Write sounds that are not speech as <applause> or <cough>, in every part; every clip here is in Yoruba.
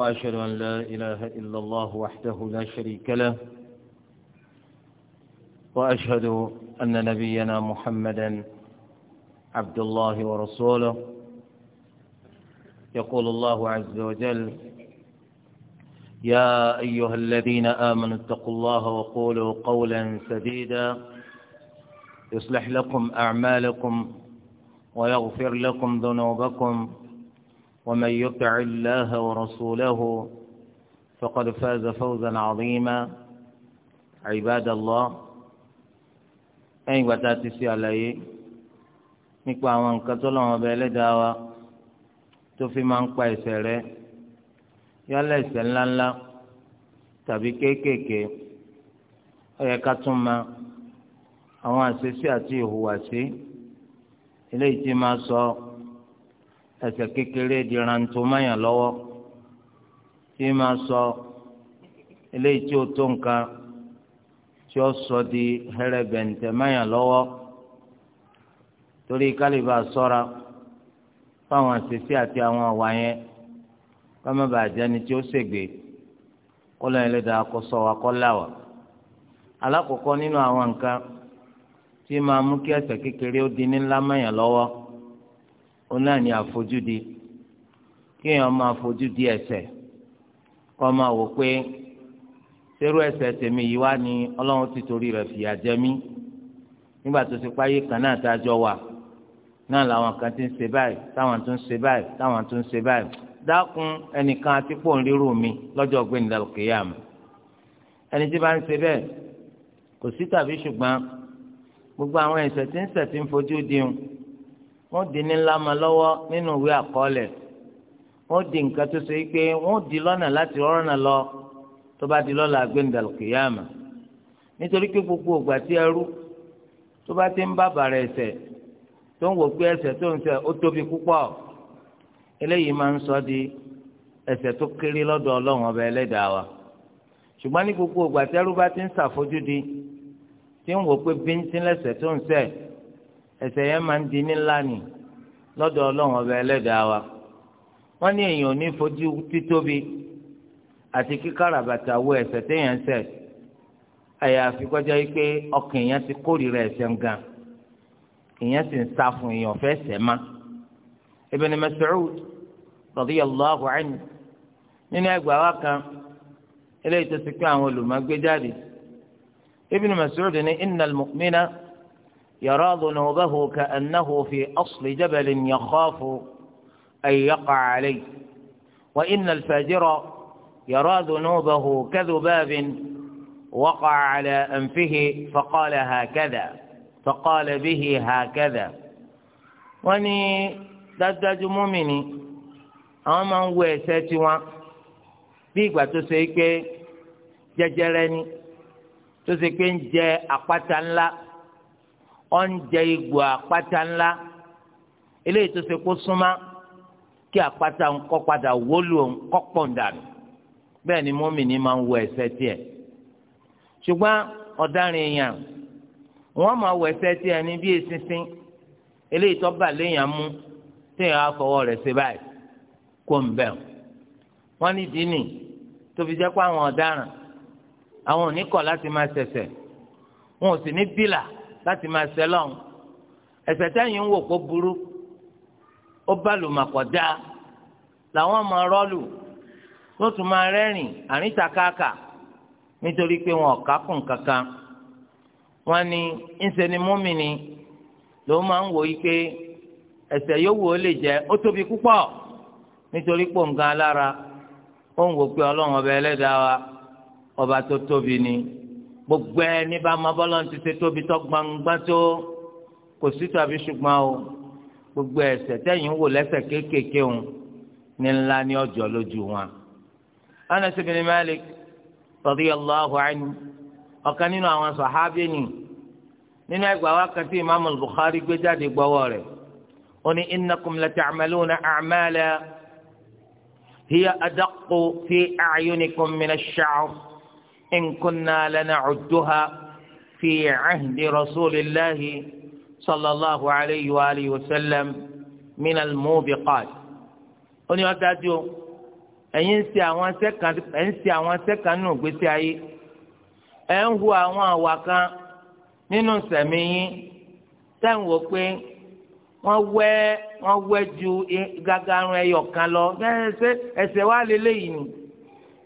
وأشهد أن لا إله إلا الله وحده لا شريك له وأشهد أن نبينا محمدا عبد الله ورسوله يقول الله عز وجل يا أيها الذين آمنوا اتقوا الله وقولوا قولا سديدا يصلح لكم أعمالكم ويغفر لكم ذنوبكم ومن يطع الله ورسوله فقد فاز فوزا عظيما عباد الله ẹ̀yin gbàtà ti ṣe àlàyé nípa àwọn nǹkan tó lọ́wọ́ ọba ẹlẹ́dàá wa tó fi máa ń pa ẹ̀ṣẹ̀ rẹ yálà ẹ̀ṣẹ̀ ńláńlá tàbí kéékèèké ó yẹ ká tún ma àwọn àṣeṣe àti ìhùwàsí eléyìí ti máa sọ ọ́ ẹsẹ̀ kékeré di rantó mayàn lọ́wọ́ tí máa sọ eléyìí tí ó tó nǹkan tí ó sọ di hẹrẹbẹ̀ǹtẹ̀ mayàn lọ́wọ́ torí kálíbà sọ́ra fáwọn àṣìṣe àti àwọn àwa yẹn kọ́mọ́ bàjẹ́ ni tí ó ṣègbè kọ́lọ́ yẹn lè dáa kó sọ wa kọ́ là wá. alákọ̀ọ́kọ́ nínú àwọn nǹkan tí máa mú kí ẹsẹ̀ kékeré ó di ní ńlá mayàn lọ́wọ́ ona ni ní àfojúdi kéèyàn máa fojúdi ẹ̀ṣẹ̀ kó máa wò pé sẹ́rù ẹ̀ṣẹ̀ tèmi yìí wá ní ọlọ́run ti torí rẹ̀ fìyà jẹ mí nígbà tó ti páyé kan náà tá a jọ wà náà làwọn kan ti ń ṣe báyìí táwọn tó ń ṣe báyìí táwọn tó ń ṣe báyìí dákun ẹnìkan àti pò ń rírù mi lọ́jọ́ ọ̀gbìn ìdàlùkìyà mi ẹni tí bá ń ṣe bẹ́ẹ̀ kò sí tàbí ṣùgbọ́n gbogbo àwọn ẹ̀ṣẹ̀ tí ń ṣẹ̀ tí ń fojú di wọ́n di ní ńlá ma lọ́wọ́ nínú ìwé àkọọ́lẹ̀ wọ́n di nǹkan tó ṣe pé wọ́n di lọ́nà láti rọ́nà lọ tó bá di lọ́la gbẹ̀ndàlùkìyàmà nítorí pé gbogbo ògbà tí ẹrú tó bá ti ń bá bàrà ẹ̀ṣẹ̀ tó ń wò pé ẹ̀ṣẹ̀ tó ń ṣẹ̀ ó tóbi púpọ̀ eléyìí máa ń sọ di ẹ̀ṣẹ̀ tó kéré lọ́dọ̀ Ọlọ́run ọba Ẹlẹ́dàá wa ṣùgbọ́n ní gbogbo ògbà tí ẹrú bá ti ń ṣàfojúdi tí ń wò pé bíntín lẹ́ṣẹ̀ tó ń ṣẹ̀ ẹ̀ṣẹ̀ yẹn máa ń di nílá ni lọ́dọ̀ Ọlọ́run ọba Ẹlẹ́dàá wa wọ́n ní èèyàn ò ní fojú títóbi àti kíkàrà bàtà wo ẹ̀ṣẹ̀ téèyàn ń ṣẹ̀ àyàfi kọjá yìí pé ọkàn èèyàn ti kórìíra ẹ̀ṣẹ̀ gan èèyàn sì ń sá fún èèyàn fẹ́ ṣẹ̀ má Ibn Mas'ud radiyallahu anhu nínú ẹgbàá wa kan eléyìí tó ti pé àwọn olùmọ̀gbé jáde Ibn Mas'ud ní innal mu'mina. يرى ذنوبه كأنه في أصل جبل يخاف أن يقع عليه وإن الفاجر يرى ذنوبه كذباب وقع على أنفه فقال هكذا فقال به هكذا وني dájúdájú مؤمني أما ويساتي وان wo تسيكي tiwọn bí جاء أقوة الله ọ̀njẹ igbó àpáta ńlá eléyìí tó ṣe kó súnmá kí àpáta ńkọ́ padà wólù ńkọ́ pọ̀ǹdànù bẹ́ẹ̀ ni mọ́mìnì máa ń wọ ẹ̀ṣẹ̀ tiẹ̀ ṣùgbọ́n ọ̀daràn èèyàn wọ́n máa wọ ẹ̀ṣẹ̀ tiẹ̀ ní bí eṣinṣin eléyìí tó bà léèyàn mú téèyàn á fọwọ́ rẹ̀ ṣe báyìí kó ń bẹ̀ wọ́n ní dínì tó jẹ́ pé àwọn ọ̀daràn àwọn ò ní kọ̀ láti máa ṣẹ̀ṣẹ̀ wọn ò sì ní bílà láti máa sẹlọ̀n ẹ̀ṣẹ̀ tẹ́yìn ń wò kó burú ó bá lùmọ̀kọ̀ làwọn máa rọ́ọ̀lù tó tún máa rẹ́rìn àríntàkáàkà nítorí pé wọn ò kákùn kankan wọn ní ńṣe ni múmìnì ló máa ń wò yí pé ẹ̀ṣẹ̀ yòówù ó lè jẹ́ ó tóbi púpọ̀ nítorí pòǹgà alára ó ń wò pé ọlọ́run ọba ẹlẹ́dàá wa ọba tó tóbi ni. gbogbo ẹni bá máa bọ́lá ti ṣe tóbi tó gbangba tó kò sí tàbí ṣùgbọ́n o gbogbo ẹ̀ṣẹ̀ tẹ̀yìn wò lẹ́ṣẹ̀ kéékèèké o ní ńlá ní ọjọ́ lójú wọn. Anas ibn Malik radiyallahu anhu ọ̀kan nínú àwọn sàhábì ni nínú ẹgbàá wa kan tí imaamu Bukhari gbé jáde gbọ́wọ́ rẹ̀ ó ní innakum lata'maluna a'mala hiya adaqqu fi a'yunikum min ash-sha'r. إن كنا لنعدها في عهد رسول الله صلى الله عليه وآله وسلم من الموبقات oni ọdájú ẹ̀yin ń ṣe àwọn sẹkàn ẹ ń ṣe àwọn sẹkàn nínú ìgbésí ayé ẹ ń hu àwọn àwa kan nínú sẹmí yín tẹ́ ń wò pé wọ́n wẹ́ wọ́n wẹ́ ju gagarun ẹyọ kan lọ ẹsẹ̀ ẹsẹ̀ wa lélẹ́yìn ni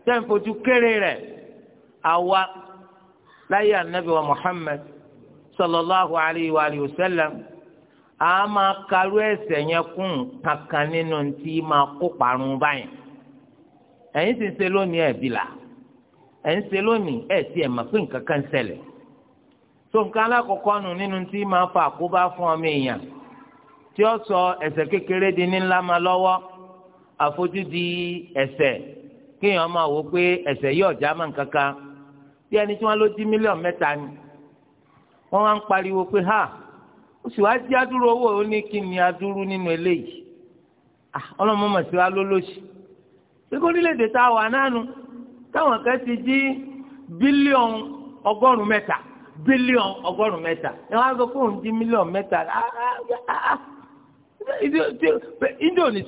tẹ́ ń fojú kéré rẹ̀ àwa láyé ànábì wa Muhammad sallallahu alayhi wa alihi wa sallam a máa karú ẹ̀ṣẹ̀ yẹn kún kankan nínú tí máa kó parun báyìí ẹ̀yin sì ń ṣe lónìí ẹ̀bí la ẹ̀yin ṣe lónìí ẹ̀ tí ẹ̀ máa pín nǹkan kan ṣẹlẹ̀ tó nǹkan alákọ̀ọ́kọ́ nù nínú tí máa fa àkóbá fún ọmọ èèyàn tí ó sọ ẹ̀ṣẹ̀ kékeré di ní ńlá máa lọ́wọ́ àfojúdi ẹ̀ṣẹ̀ kéèyàn máa wò pé ẹ̀ṣẹ̀ yóò já máa ń kankan bí ẹni tí wọ́n ló jí mílíọ̀nù mẹ́ta ni wọ́n wá ń pariwo pé ha ó sì wáá jí adúrú owó ó ní kí ni adúrú nínú eléyìí ah, ọlọmọ mọ̀ sí wa lólóṣì èdè tá a wà nánu táwọn kan ti bílíọ̀nù ọgọ́rùn-ún mẹ́ta bílíọ̀nù ọgọ́rùn-ún mẹ́ta ẹ wá sọ fóun mílíọ̀nù mẹ́ta ah, ah,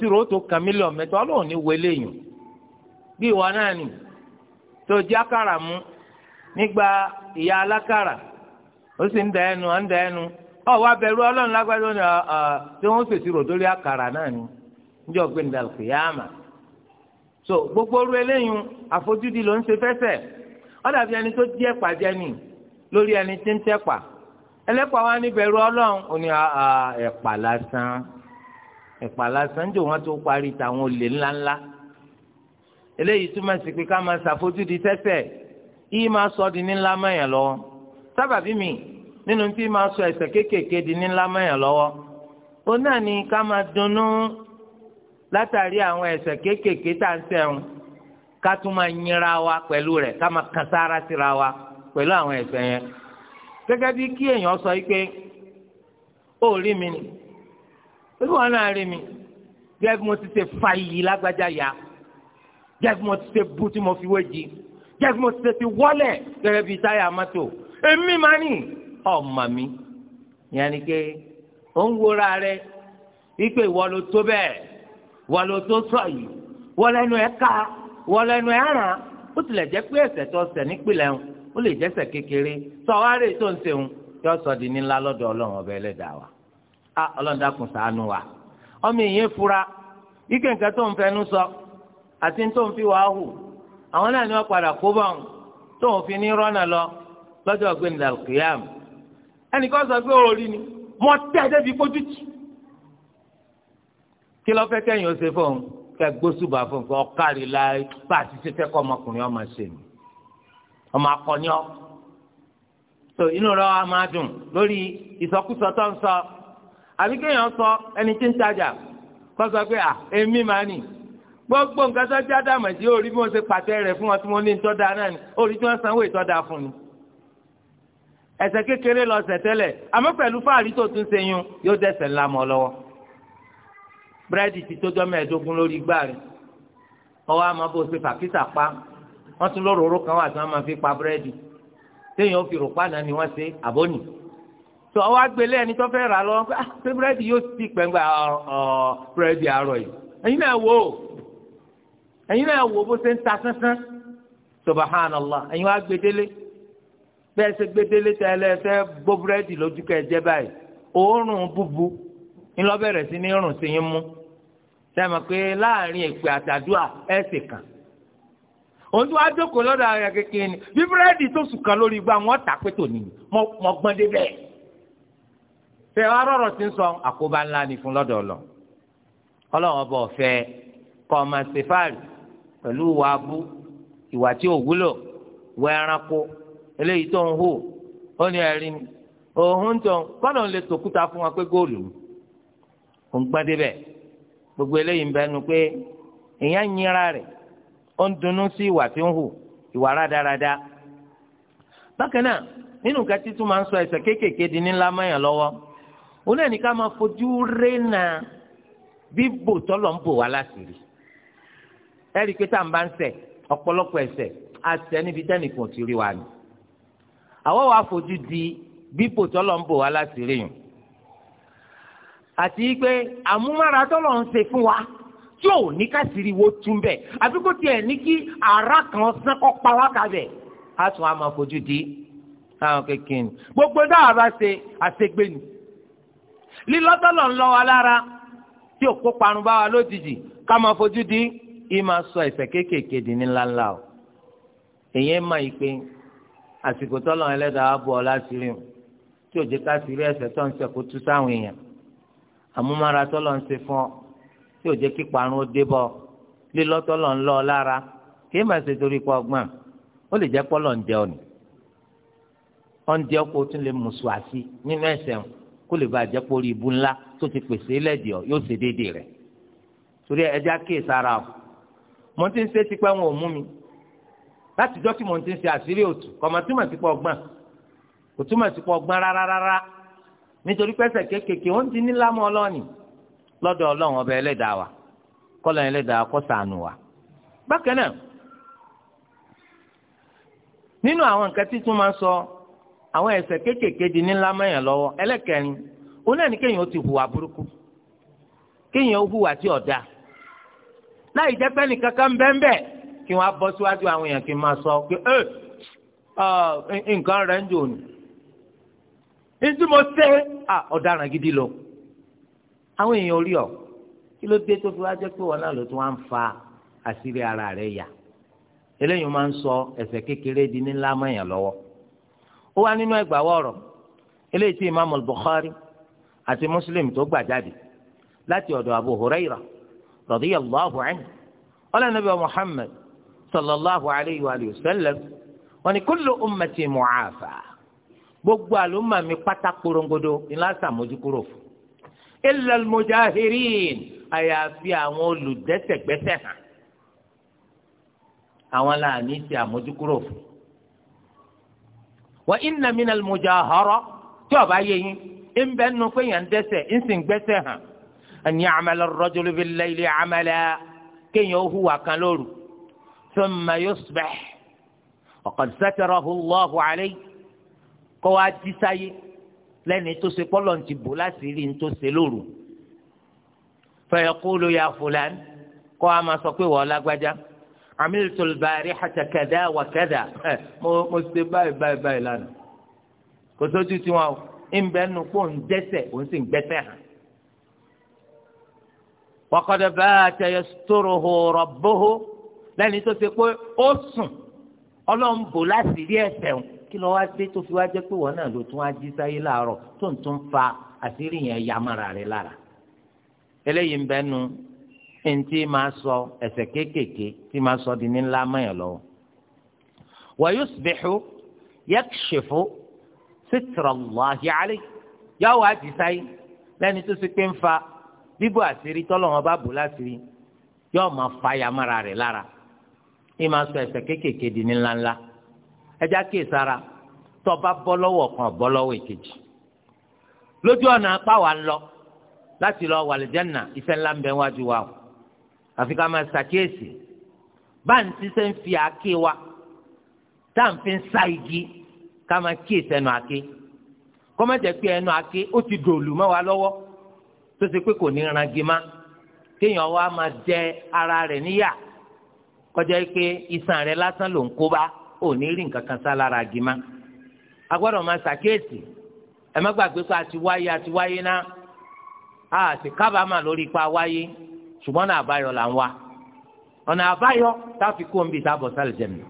ti rò ó tó kàn mílíọ̀nù mẹ́ta ọlọ́run ní wọlé yìí bí nígbà ìyá alákàrà ó sì ń da ẹnu à ń da ẹnu ọ wá bẹ̀rù ọlọ́run lágbájọ́ ni tí wọ́n fèsì rò lórí àkàrà náà ni níjọ́ gbẹ̀ndà kìyàmà so gbogbo oru eléyìí àfojúdi ló ń ṣe fẹ́sẹ̀ ó dàbí ẹni tó jí ẹ̀pà jẹ ni lórí ẹni tí ń tẹ̀pà ẹlẹ́pàá wa ní bẹ̀rù ọlọ́run ò ní ẹ̀pà lásán ẹ̀pà lásán jò wọ́n tó parí tàwọn olè ńláńlá eléyìí túmọ̀ sí pé ká máa ṣàfojúdi fẹ́sẹ̀ yìí máa sọ di ní mẹ́yàn lọ́wọ́ sábàbí mi nínú tí máa sọ ẹ̀ṣẹ̀ kéékèèké di ní ńlá mẹ́yàn lọ́wọ́ ó náà ní ká máa dunnú látàrí àwọn ẹ̀ṣẹ̀ kéékèèké tá à ń sẹ́wọ̀n ká tún máa yinra wa pẹ̀lú rẹ̀ ká máa kan sára síra wa pẹ̀lú àwọn ẹ̀ṣẹ̀ yẹn gẹ́gẹ́ bí kí èèyàn sọ yìí pé ó rí mi ni pé wọn náà rí mi gẹ́gẹ́ bí mo ti ṣe fa iyì lágbájá yá gẹ́gẹ́ bí mo ti ṣe bú tí mo fi wé jì í jẹ́ kí mo ti tètè wọ́lẹ̀ gẹ́gẹ́ bíi táyà mọ́tò èmi máa ní ọmọ mi ìyẹn ni pé ó ń wúra rẹ wípé ìwọ ló tó bẹ́ẹ̀ ìwọ ló tó sọ yìí ìwọ lẹ́nu ẹ̀ ká ìwọ lẹ́nu ẹ̀ ràn ó tilẹ̀ jẹ́ pé ẹ̀ṣẹ̀ tó ṣẹ̀ nípìnlẹ̀ ń ó lè jẹ́ṣẹ̀ kékeré sọ wá rè tó ń ṣeun yọ sọ di ńlá lọ́dọ̀ ọlọ́run ọba ẹlẹ́dàá wa á ọlọ́run dákun ṣàánú wa ọmọ ìyẹn fura ike nǹkan tó ń fẹnu sọ àti tó ń fi wàá hù àwọn náà ni wọ́n padà kó bọ̀ ọ́n tó ń fi ní rọ́nà lọ lọ́jọ́ gbẹ̀ndé alqiyam ẹnìkan sọ pé orí ni mo tẹ́ ẹ débi fojú jì kí lọ́ fẹ́ kẹ́yìn ó ṣe fún un kẹ́ gbósùbà fún un kọ́ kárí la bá a ti ṣe fẹ́ kọ́ ọmọkùnrin ọmọ ṣe mi ọmọ akọni ọ so inú rẹ wa máa dùn lórí ìsọkúsọ tó ń sọ àbí kéèyàn sọ ẹni tí ń tajà kọ́ sọ pé à èmi máa nì gbogbo nǹkan tó já dàmọ̀ sí orí bí wọ́n ṣe pàtẹ rẹ̀ fún wọn tí wọ́n ní ìtọ́da náà ni orí tí wọ́n sanwó ìtọ́da fún ni. ẹ̀ṣẹ̀ kékeré lọ ṣẹ̀ tẹ́lẹ̀ àmọ́ pẹ̀lú fáàrí tó tún ṣe yún yóò dẹ̀ṣẹ̀ ńlá mọ́ lọ́wọ́. búrẹ́dì ti tó jọ́ mẹ́ẹ̀ẹ́dógún lórí igbá rẹ̀ ọwọ́ àmọ́ bó ṣe fàkísà pa wọ́n tún lóróró kan wà tí wọ́n máa fi pa búrẹ́dì téèyàn fi rò pàdán ni wọ́n ṣe àbónì tó ọwọ́ agbélé ẹni tó fẹ́ rà lọ́wọ́ pé ah, búrẹ́dì ó ẹ̀yin náà wò bó ṣe ń ta sánsán subahánàlá ẹ̀yin wá gbedele bẹ́ẹ̀ ṣe gbedele tẹ ẹ lẹ́sẹ̀ gbó búrẹ́dì lójú kẹ jẹ báyìí òórùn búbu ńlọ́bẹ̀rẹ̀ sí ní rùn sí yín mú sẹ́mi pé láàrin èpè àtàdúà ẹ̀ sì kàn òun tó wá jókòó lọ́dọ̀ àwọn kékeré ni bí búrẹ́dì tó sùn kan lórí igbá wọn tà pé tòní mọ gbọ́n dé bẹ́ẹ̀. ṣé wàá sí ń sọ àkóbá ńlá ni fún lọ́dọ̀ ọlọ́ ọlọ́run ọba ọ̀fẹ́ kọ́ ọmọ pẹ̀lú ìwà abú ìwà tí ò wúlò wọ ẹranko eléyìí tó ń hù ó ní ni òun tó kọ́nà lè tòkúta fún wa pé góòlù ń gbogbo eléyìí ń bẹnu pé èèyàn ń yinra rẹ̀ ó ń dunnú sí ìwà tí ń hù ìwà rádaràda bákan náà nínú nǹkan tí máa ń sọ kéékèèké di ńlá mọ́yàn lọ́wọ́ òun náà ní ká máa fojú rénà ẹ̀rí pé tá à ń bá ń ṣẹ̀ ọ̀pọ̀lọpọ̀ ẹ̀ṣẹ̀ àṣẹ níbi tẹ́nìkan ti rí wa ni. àwọ̀ wa fojú di bípò tọ́lọ̀ ń bò wá láti rí yùn. àti pé àmúmára tọ́lọ̀ ń ṣe fún wa tí ò ní ká sì rí wo tún bẹ̀ àbí kó tiẹ̀ ní kí ara kan sẹ́kọ̀ pa wá kalẹ̀ á tún á máa fojú di táwọn kékeré ni. gbogbo dáhà bá ṣe àṣegbè ni. lílọ́tọ́lọ̀ ń lọ wa lára tí ò kó parun bá wa lójijì ká máa fojú di. Ima máa sọ ẹ̀ṣẹ̀ kéékèèké di ní ńláńlá o èyàn máa yìí pé àsìkò tọ́lọ̀ ẹlẹ́dàá bọ̀ ọ́ láṣìírí o tí òjò ká sí rí ẹ̀ṣẹ̀ tó ń ṣe kó tú sáwọn èèyàn àmúmára tọ́lọ̀ ń ṣe fún ọ tí òjò kí parun ó dé bọ lílọ́ tọ́lọ̀ ń lọ ọ lára kí máa ṣe torí pa ọgbọ́n ó lè jẹ́ pọ́lọ̀ ń jẹ ọ̀nì ọ̀njẹ́ kó tún lè mùsù àṣì nínú ẹ̀ṣẹ̀ kó lè bàjẹ́ pórí ibu ńlá tó ti pèsè lẹ́dìọ̀ yóò ṣe déédéé rẹ̀ torí ẹja kéè sára o mo ti ń ṣe wọn ò mú mi láti jọ́ tí mo ti ń ṣe àṣírí òtù túmọ̀ sí pọ̀ gbọ́n kò túmọ̀ sí pọ̀ gbọ́n rárá rárá nítorí pẹ́sẹ̀ kéékèèké wọ́n ti ní lámọ́ ọlọ́ọ̀nì lọ́dọ̀ ọlọ́run ọba ẹlẹ́dàá wa kọ́lọ́ ẹlẹ́dàá wa. bákan náà nínú àwọn nǹkan tí láì jẹ́ pé nìkan kí wọ́n á bọ́ síwájú àwọn èèyàn kí n máa sọ pé ẹ nǹkan rẹ̀ ń jò ní. mo ṣe ọ̀daràn gidi lọ àwọn èèyàn orí ọ̀ kí ló dé tó fi wá jẹ́ pé wọn náà ló tún wá ń fa àṣírí ara rẹ̀ yà eléyìí máa ń sọ kékeré di mọ́yàn lọ́wọ́ ó Muslim tó gbà jáde láti ọ̀dọ̀ Abu Hurairah radiyallahu anhu ọlọ́run nàbí wa muhammed sallallahu alayhi wa sallam wọ́n ní kullu ummati mu'afa gbogbo àlùmọ̀ mi pátá korongodo ńlá sàmójúkúrò fún illa al-mujahirin àyàfi àwọn olùdẹ́sẹ̀gbẹ́sẹ̀ hàn àwọn làní ti àmójúkúrò fún wa inna minal mujahara tí ọba yẹ yín ń bẹ́ẹ̀ nù pé yàn ń dẹ́sẹ̀ ń sì ń gbẹ́sẹ̀ hàn an ya'mala ar-rajulu bil-layli 'amala kéèyàn ó hùwà kan lóru thumma yusbih wa qad satarahu Allahu 'alayhi kó wá jí sáyé lẹ́ni tó ṣe pọ́lọ̀ ń ti bò láti rí ní tó ṣe lóru fa yaqulu ya fulan kó wá máa sọ pé wọ́n lágbájá amiltu al-barihata kadha wa kadha mo ṣe báyìí báyìí báyìí lánàá kò sójú tiwọn o ń bẹ́ẹ̀ nù kó ń dẹ́sẹ̀ òun sì ń gbẹ́sẹ̀ hàn. wàkọ́dẹ̀ baa a tẹ yẹ sotoroho rọ̀bóho lẹ́ni tó ṣe pé ó sùn ọlọ́run bò láti rí ẹ̀ṣẹ̀ o kí ló wá tó fi wá jẹ́ pé wọ́n náà ló tún wá jí sáyé láàárọ̀ tó ń tún fa àṣírí yẹn yamara rẹ̀ lára eléyìí ń bẹ́ nu ntí máa sọ ẹ̀ṣẹ̀ kéékèèké tí máa sọ di nla ńlá mọ́yàn lọ́wọ́ wa yusbihu yakshifu sitra Allahi alayhi yàwó àjísáyé lẹ́ni tó ṣe pé ń fa bíbò àṣírí tọ́lọ́wọ́n bá bò láṣírí yóò máa fa yamara rẹ̀ lára yìí máa sọ ẹ̀ṣẹ̀ kéékèèké di ní ńláńlá ẹja kí ìsara tó bá bọ́ lọ́wọ́ kan bọ́ lọ́wọ́ èkejì lójú ọ̀nà apá wa ń lọ láti lọ wàlìjẹ́nà iṣẹ́ ńlá ń bẹ wájú wa o àfi ká máa ṣàkíyèsí báńtí ṣe ń fi àáké wa tá à ń fi ń sa igi ká máa kíyèsí ẹnu àáké kọ́mọ̀jẹ̀ pé ẹnu àáké ó ti dòlù mọ́ wa lọ́wọ́ tó ṣe pé kò ní rangi má kéèyàn wá máa jẹ ara rẹ̀ níyà kọjá pé iṣan rẹ̀ lásán ló ń kó bá ò ní rí nǹkan kan sá lára gi má a gbọ́dọ̀ máa ṣàkíyèsí ẹ má gbàgbé pé a ti wáyé a ti wáyé ná a sì kábàámà lórí ipa wáyé ṣùgbọ́n náà àbáyọ là ń wá ọ̀nà àbáyọ táfi kó ń bi sábọ̀ sálẹ̀ jẹ̀mí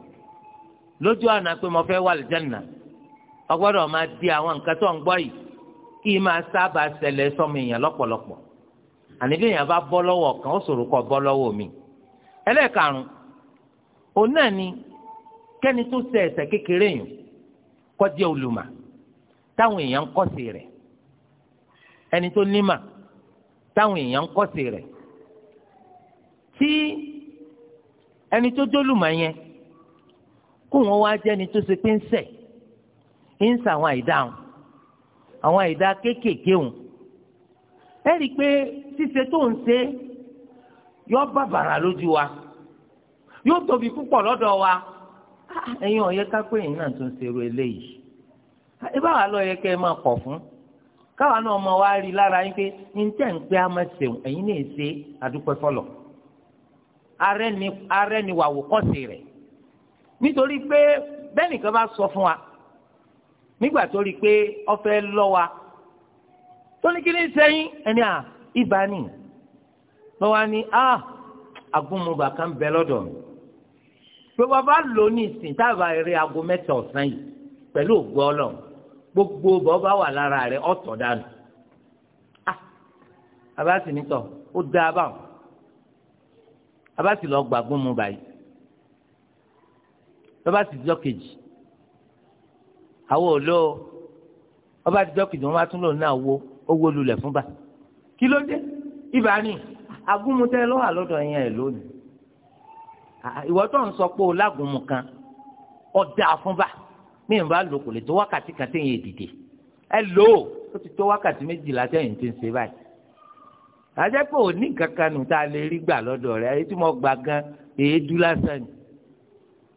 lójú ọ̀nà pé mo fẹ́ wà lẹ́jẹ̀ ọgbọ́dọ̀ máa di àwọn nǹkan tó ń gbọ́ yìí kí máa sábà ṣẹlẹ̀ sọmọ èèyàn lọ́pọ̀lọpọ̀ àní bí èèyàn bá bọ́ lọ́wọ́ kan ó ṣòro kó bọ́ lọ́wọ́ mi. ẹlẹ́ẹ̀karùn-ún òun náà ni kẹ́ni tó ṣe ẹ̀ṣẹ̀ kékeré yìí kó olùmọ̀ táwọn èèyàn ń kọ́sì rẹ̀ ẹni tó nímà táwọn èèyàn ń kọ́sì rẹ̀ tí ẹni tó jólùmọ̀ yẹn kó wọn wá jẹ́ ẹni tó ṣe pé ń ṣẹ̀ ń ṣàwọn àìdáhùn àwọn àìdá kéékèèké òun ẹ rí i pé ṣíṣe tó ń ṣe yọ bàbàrà lójú wa yóò tóbi púpọ̀ lọ́dọ̀ wa ẹ̀yin ọ̀yẹ́ ká pé na náà tó ń ṣerú eléyìí ibà wà lọ́ọ́ kẹ́ ẹ máa kọ̀ fún káwa náà ọmọ wá rí lára yín pé níjẹ́ ń pé a ṣeun ẹ̀yin náà ṣe àdúpẹ́ fọlọ̀ arẹ́ni wàwò kọ́sì rẹ̀ nítorí pé bẹ́ẹ̀ nìkan bá sọ fún wa nígbà tó rí i pé ọfẹ́ lọ wa tó ní kí ní sẹ́yìn ẹni à ibà ni lọ́wọ́ ni a agúnmọ̀gbà kan bẹ lọ́dọ̀ mi pé bàbá lò ní ìsìn táàbà eré aago mẹ́ta ọ̀sán yìí pẹ̀lú ògbó ọlọ́run gbogbo bàbá wà lára rẹ̀ ọ̀tọ̀ dànù abasi nítọ̀ ó dá a báwọn abasi lọ gbàgbọ́n báyìí bàbá jọ kejì àwọn ò lò ó ọba àtijọ́ kìdùn wọn bá tún lòun náà wo ó wó lulẹ̀ fún bá kí ló dé ibà ni agúnmutẹ lọ́wọ́ àlọ́dọ̀ yẹn ẹ̀ lónìí ìwọ tó ń sọ pé o lágùnmu kan ọ̀dà fún bá mi ń bá lò kò lè tó wákàtí kan téèyàn èdìdè ẹ lò ó ó ti tó wákàtí méjìlá téèyàn ti ń ṣe báyìí àjẹpọ̀ òní kankan nù tá a lè rí gbà lọ́dọ̀ rẹ̀ èyí tí mo gbà gan èédú lásán ni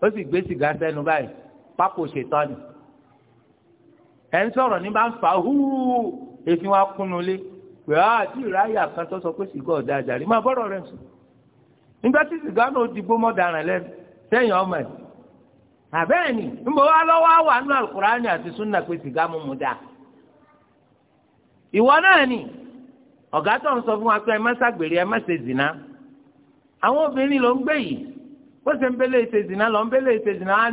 ó sì gbé sìgá sẹ́nu báyìí pákó ṣètọ́ni ẹ̀ ń sọ̀rọ̀ ní bá ń fà húúú èéfín wa kúnnu lé pé á ah, tí ìráyà kan tó sọ pé sìgá ọ̀dà àjàrí máa bọ́rọ̀ rẹ̀ sùn nígbà tí sìgá náà di gbómọ̀ dàrán lẹ́nu sẹ́yìn ọmọ ẹ̀ àbẹ́ẹ̀ ni ń bọ̀ wá lọ́wọ́ wà nínú alukurani àti sunna pé sìgá mímu dà ìwọ náà ni ọ̀gá tó ń sọ fún wa pé ẹ má ṣàgbèrè ẹ má ṣe zìnà àwọn obìnrin ló ń gbé yìí bó ṣe ń bẹ́lẹ̀ ṣe lọ bẹ́lẹ̀ ṣe zìnà á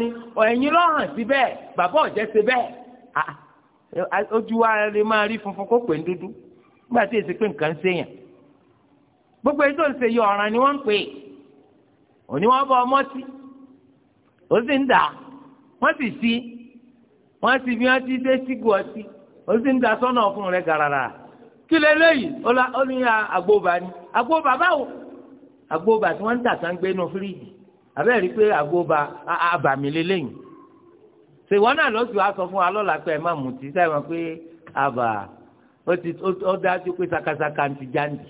ẹ̀yin ló hàn sí bẹ́ẹ̀ bàbá ọ̀jẹ́ ṣe bẹ́ẹ̀ ojú wa lè máa rí funfun kó pè ń dúdú nígbà tí èsì pé nǹkan ń ṣèyàn gbogbo yọ ọ̀ràn ni wọ́n ń pè é òní wọ́n ọmọ sí ó sì ń dà wọ́n sì sí wọ́n sì bí wọ́n ti dé ọtí ó sì ń dà sọ́nà ọ̀fun gàràrà kí ó ní abẹ́ẹ̀ rí i pé àgóba àbàmì lélẹ́yìn ṣèwọ́ náà lọ́sùn wa sọ fún wa lọ́la pé ẹ má mutí sẹ́wọ̀n pé àbà ó ti ó dájú pé sakasaka ti jáǹdì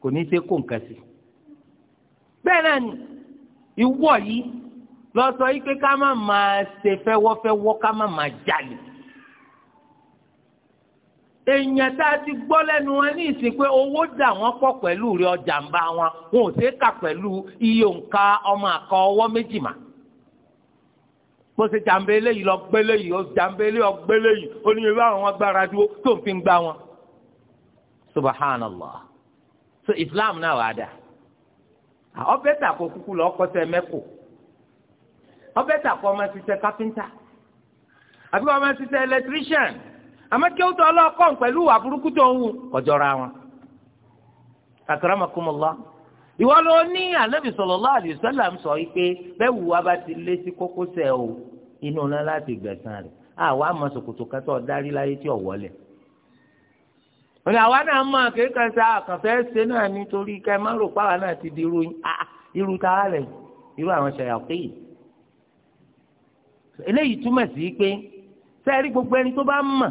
kò ní í ṣe kó nǹkan sí. bẹ́ẹ̀ náà ni ìwọ yìí lọ sọ yìí pé ká má máa ṣe fẹ́wọ́fẹ́wọ́ ká má máa jalè èèyàn tá a ti gbọ́ lẹ́nu wọn ní ìsìn pé owó dà wọ́n pọ̀ pẹ̀lú rẹ ọjà wọn wọn ò ṣe é kà pẹ̀lú iye òǹkà ọmọ àkọ ọwọ́ méjì mà. bó ṣe jàǹbé eléyìí lọ gbé léyìí jàǹbé eléyìí lọ gbé léyìí oníyẹ̀wé àwọn agbára dúró tó ń fi gbá wọn. so islam náà wà á dà ọbẹ̀ kúkú lọ ọbẹ̀ ọmọ àbí ọmọ àmọ́ kí ó tọ́ ọlọ́kàn pẹ̀lú ìwà burúkú tó ń wù kọjọra wọn. akramakumullah ìwọ ló ní ànábì sallallahu alaihi wasallam sọ wípé bẹ́ẹ̀ wù wá bá ti lé sí kókósẹ̀ o inú ńlá láti gbẹ̀sán rẹ̀ àwa àmọ́ sòkòtò kẹtọ́ darí láyé tí ọ̀wọ́ lẹ̀. òní àwa náà mọ kékeré sa àkànfẹ́ ṣe náà nítorí ká ẹ má rò pàwọn náà ti di irú ta irú àwọn ṣàyàpé yìí. eléyìí túmọ̀ sí pé sẹ́ẹ̀rí gbogbo ẹni tó bá mọ̀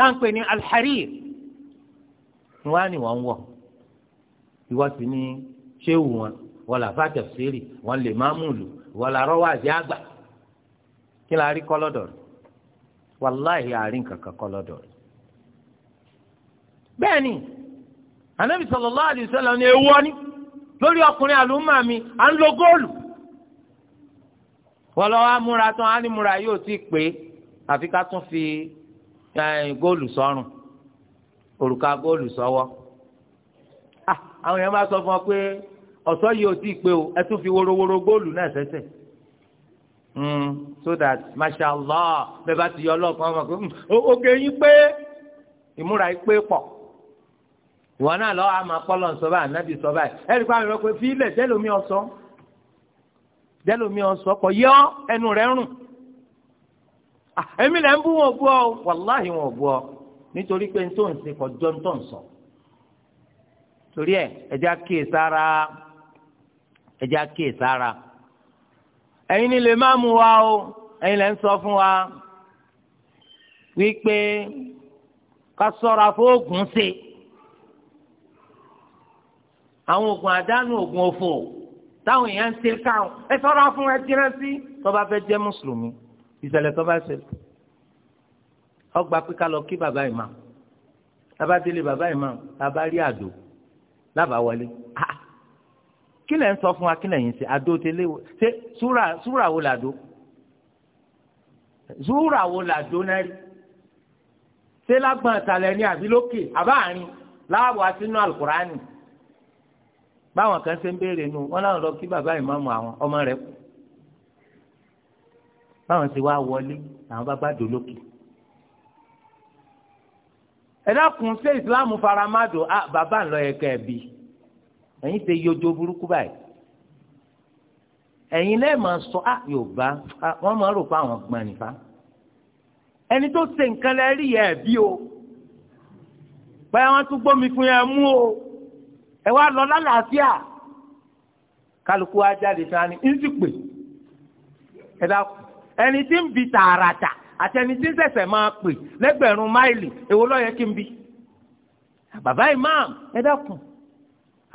táǹpẹ ní alḥarir wọn á ní wọn wọ ìwọ sì ní ṣéwù wọn wọn là fà tẹfsiri wọn lè má mú lò wọn là rọwọ àti àgbà kí la rí kọlọdọ rẹ wàláhì àárín kankan kọlọdọ rẹ bẹ́ẹ̀ ni anabi sallallahu alaihi wasallam ni ewu ọni lórí ọkùnrin àlùmọ mi à ń lo góòlù wọn lọ wá múra tán á ní múra yóò ti pé àfi ká tún fi góòlù sọ́rùn òrùka góòlù sọ́wọ́ ah, àwọn yẹn bá sọ fún ọ pé ọ̀sọ́ yìí ò tíì pé o ẹ tún fi worowóró góòlù náà sẹ́sẹ̀ hmm, so that mashallah bẹ́ẹ̀ bá ti yọ ọlọ́ọ̀kan ọmọ pé hmm, oge yín pé ìmúra yín pé pọ̀ ìwọ náà lọ́wọ́ àmọ́ akọ́lọ̀ ń sọ báyìí ànábì sọ báyìí ẹ̀rí pa àwọn ọkọ̀ fi ilẹ̀ jẹ́lómi ọ̀sọ́ jẹ́lómi ọ̀sọ́ kọ̀ yọ ẹnu rẹ̀ rùn. Ah, èmi lẹ́ ń bú wọn bú ọ wàláhì wọn bú ọ nítorí pé ní tó ń ṣe kọjọ́ ní tó ń sọ torí ẹ ẹja kíyè sára ẹja kíyè sára ẹ̀yin ni lè má mú wa o ẹ̀yin lẹ́ ń sọ fún wa wípé ká sọ̀ra fóògùn sí àwọn oògùn àdánù oògùn òfò táwọn èèyàn ń ṣe káwọn ẹ sọ̀ra fún ẹ jìnnà sí tó fẹ́ jẹ́ mùsùlùmí ìṣẹ̀lẹ̀ tó bá ṣẹlẹ̀ ọgbà pé ká lọ kí bàbá ìmà bàbá délé bàbá ìmà bàbá rí àdó lábà wọlé kí lẹ̀ ń sọ fún wa kí lẹ̀ yín ṣe àdó tẹ́lẹ̀ ṣe súrà súrà wo làdó súrà wo làdó náà rí ṣé lágbọ̀n àtàlẹ́ ní àbí lókè àbáàrin láàbọ̀ àti àlùkùránì báwọn kan ṣe ń béèrè nù wọn láwọn lọ kí bàbá ìmáàmù àwọn ọmọ rẹ̀ kù báwọn ṣe wá wọlé àwọn bá gbàdó lókè. ẹ dákun ṣé ìsìláàmù faramádò á bàbá ńlọ ẹ̀ka ẹ̀bí ẹ̀yin ṣe yọjọ burúkú báyìí ẹ̀yin lẹ́ẹ̀ máa sọ á yorùbá wọ́n máa rò pé àwọn gbọ́n nípa ẹni tó ṣe nǹkan lẹ́rí yẹ ẹ̀bí o pé wọ́n tún gbómi fún yẹn mú o ẹ wá lọ lálàáfíà kálukú wa jáde sáni ń sì pè ẹ ẹni tí ń bi tààràtà àti ẹni tí ń ṣẹ̀ṣẹ̀ máa pè lẹ́gbẹ̀rún máìlì èwo ló kí n bi. bàbá imam ẹ dákun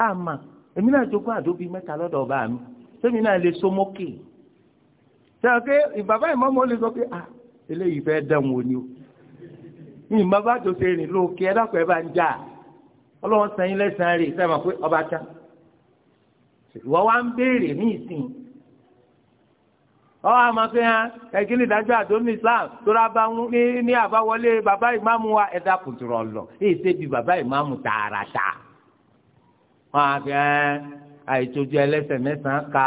àmà èmi náà jogún àdóbi mẹ́ta lọ́dọ̀ ọba mi sẹ́mi náà lè so mókè. sẹ́wọ́n pé bàbá imam ó lè sọ pé ah eléyìí fẹ́ dẹ̀wọ̀n òní o ní ìmọ̀bá tó ṣe rìn lóòkè ẹ dákun ẹ bá ń jà ọlọ́wọ́n sẹ́yìn lẹ́sàn-án rè sẹ́wọ̀n pé ọba ta ìwọ wa ń béèrè ní ìsìn ọwọ́ àmọ́ pé hàn ẹ̀kí ni ìdájọ́ àdó ní Islam tóra bá ní ní àbáwọlé bàbá ìmáàmù wa ẹ̀dá kùtùrọ̀ lọ èyí ṣe bí bàbá ìmáàmù tààràtà. wọ́n á fi hàn àìtójú ẹlẹ́sẹ̀ mẹ́sàn-án ká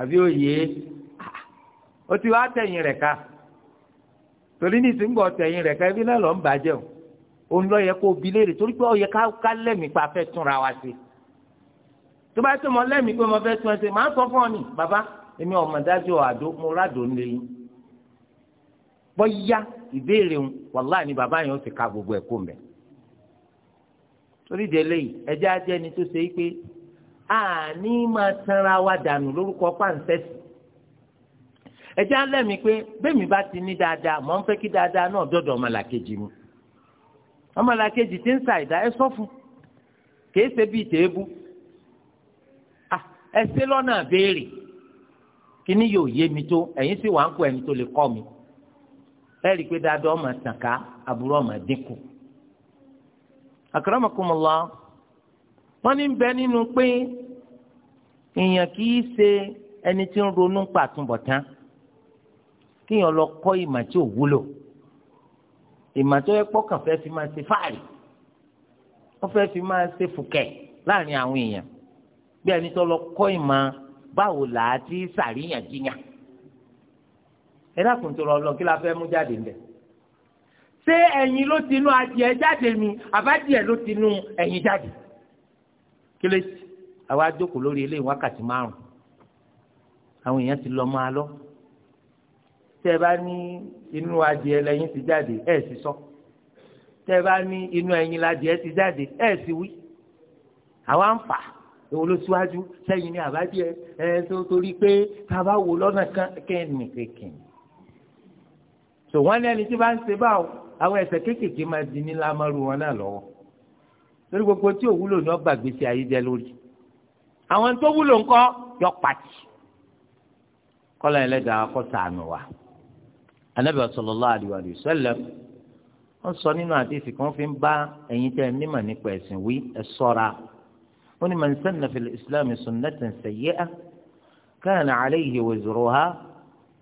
àbí òye ó ti wá tẹ̀yìn rẹ̀ ká torí ní ìsìngbọ̀ tẹ̀yìn rẹ̀ ká ẹbí náà lọ́ ń bàjẹ́ o òun lọ yẹ kó bi léèrè torí pé ó yẹ ká lẹ́mìí pa fẹ́ túnra wa sí tó bá tó mọ lẹ́mìí pé mo fẹ́ tún ẹ èmi ọmọ dájú àdó mo rádò ibeere lè ìbéèrè ń ni bàbá yẹn ó ka gbogbo ẹ̀ kó mẹ́ torí délé yìí ẹjẹ́ ajẹ́ ni tó ṣe pé àní máa tanra wa dànù lórúkọ pàǹtẹ́sì ẹjẹ́ alẹ́ mi pé bẹ́ẹ̀ mi bá ti ní dáadáa mọ̀ ń fẹ́ kí dáadáa náà dọ̀dọ̀ ọmọlàkejì mi ọmọlàkejì ti ń ẹ Kini yóò yé mi tó ẹ̀yin sì wà ń kó ẹni tó lè kọ́ mi ẹ rí i pé dáadọ́ ọmọ tànká àbúrò ọmọ dínkù. akramakumullah wọ́n ní bẹ nínú pé èèyàn kì í ṣe ẹni tí ń ronú pàtúbọ̀tán kíyàn lọ kọ́ ìmọ̀ tí ò wúlò ìmọ̀ tó yẹ pọ́kàn fẹ́ fi máa ṣe fáàrí wọ́n fẹ́ fi máa ṣe fùkẹ́ láàrin àwọn èèyàn bí ẹni tó lọ kọ́ ìmọ̀ báwo là á ti ṣàríyànjiyàn ẹ dákun tó rọ lọ kí la fẹ́ mú jáde ńbẹ ṣé ẹyin ló ti nú adìẹ jáde ni àbádìẹ ló ti nú ẹyin jáde kí lè sí àwa jókòó lórí eléyìí wákàtí márùn àwọn èèyàn ti lọ máa lọ tẹ ẹ bá ní inú adìẹ lẹyìn ti jáde ẹ sì sọ tẹ bá ní inú ẹyin ladìẹ ti jáde ẹ sì wí àwa ń èwo ló síwájú sẹ́yìn ní àbájẹ ẹ tó torí pé ká bá wò lọ́nà kẹ́hìn kékin tò wọ́n ní ẹni tí bá ń ṣe báwo àwọn ẹ̀ṣẹ̀ kéékèèké máa di ní lámọ́rú wọn náà lọ́wọ́ torí gbogbo tí ò ní ọgbà gbèsè ayé jẹ lórí àwọn tó wúlò ńkọ́ yọ pàtì kọ́lá ẹlẹ́dàá kọ́ sànù wa anabi sallallahu alaihi wa sallam wọ́n sọ nínú àdéhìí kan fi ń bá ẹ̀yin tẹ́ ẹ nímọ̀ nípa ẹ̀sìn wí ẹ ṣọ́ra ولمن سن في الإسلام سنة سيئة كان عليه وزرها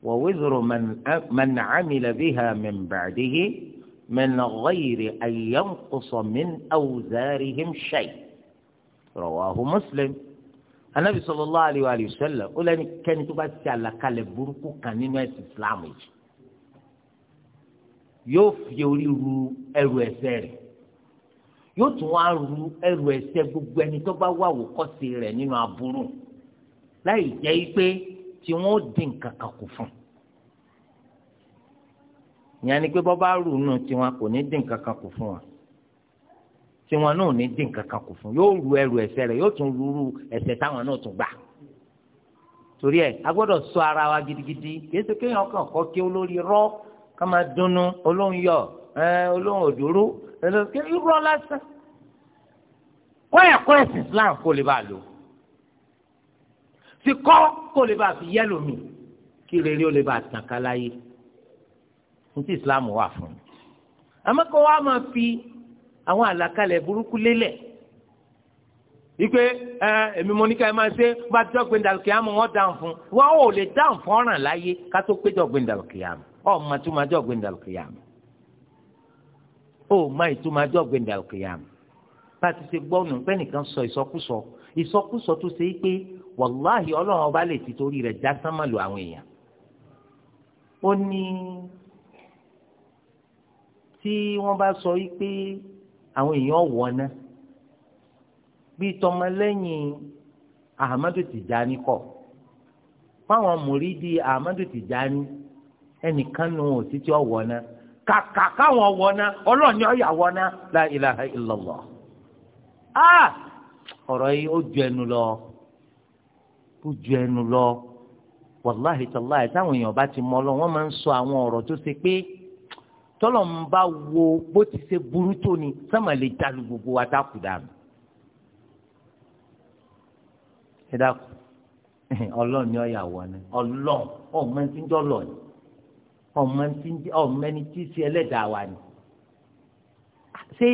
ووزر من من عمل بها من بعده من غير أن ينقص من أوزارهم شيء رواه مسلم النبي صلى الله عليه وآله وسلم قال أن كان تبات على كالة بركو كان نوع الإسلام يوفي يوري أرو yóò tún wá ru ẹrù ẹ̀ṣẹ̀ gbogbo ẹni tó bá wà wò kọ́sì rẹ̀ nínú aburú láì jẹ́ pé tí wọ́n dín kankan kù fún ìyẹn ni pé bọ́ bá rù nù tiwọn kò ní dín kankan kù fún wa tiwọn náà ò ní dín kankan kù fún yóò ru ẹrù ẹ̀ṣẹ̀ rẹ̀ yóò tún rúru ẹ̀ṣẹ̀ táwọn náà tún gbà torí ẹ a gbọ́dọ̀ ṣọ́ ara wa gidigidi kì kéèyàn kàn kọ kí olórí rọ ká máa olóhùn yọ ẹ olóhùn òdòró ẹlòmíkẹ́ irọ́ lásán wọ́n ẹ̀kọ́ ẹ̀sìn Islam kó lè bá a lò ti kọ́ kó lè bá a fi yẹ́lò mi kí rere ó lè bá a tàn ká láyé ní ti Islam wà fún un àmọ́ wa wá máa fi àwọn àlàkalẹ̀ burúkú lélẹ̀ ipe ẹ èmi mo ní ká ẹ máa ṣe bá jọ gbẹndàlùkìyàmù wọn dáhùn fún wọn ò lè dáhùn fún ọ̀ràn láyé ká tó péjọ gbẹndàlùkìyàmù ọ màtúmọ̀ jọ gbẹndàlùkìyàmù ó má ìtumọ̀ ajọ́ gbẹ̀ndà òkè yàm bá a ti ṣe gbọ́ nù pé nìkan sọ ìsọkúsọ ìsọkúsọ tó ṣe é pé wàláhì ọlọ́run ọba lè ti torí rẹ̀ já sánmà lu àwọn èèyàn ó ní tí wọ́n bá sọ yí pé àwọn èèyàn wọ̀nà bíi tọmọlẹ́yìn Ahmadu Tijani kọ̀ fáwọn mùrídìí Ahmadu Tijani ẹnìkan nù ó sì ti ọ̀wọ̀nà. kàkà káwọn wọná ọlọ́ọ̀ni ọ̀yà wọná la ilaha illallah ah ọ̀rọ̀ yìí ó ju ẹnu lọ ó ju ẹnu lọ wàláhì tàláhì táwọn èèyàn ti mọ lọ wọ́n máa ń sọ àwọn ọ̀rọ̀ tó ṣe pé tọ́lọ̀ ń bá wo bó ti ṣe burú tó ni sọ́mà lè jalu gbogbo wa dákú ẹ dákú ọlọ́ọ̀ni ọ̀yà wọná ọlọ́ọ̀ ọ̀ ọ̀mọ̀ni tí ń ṣe ẹlẹ́dàá wa ni ṣé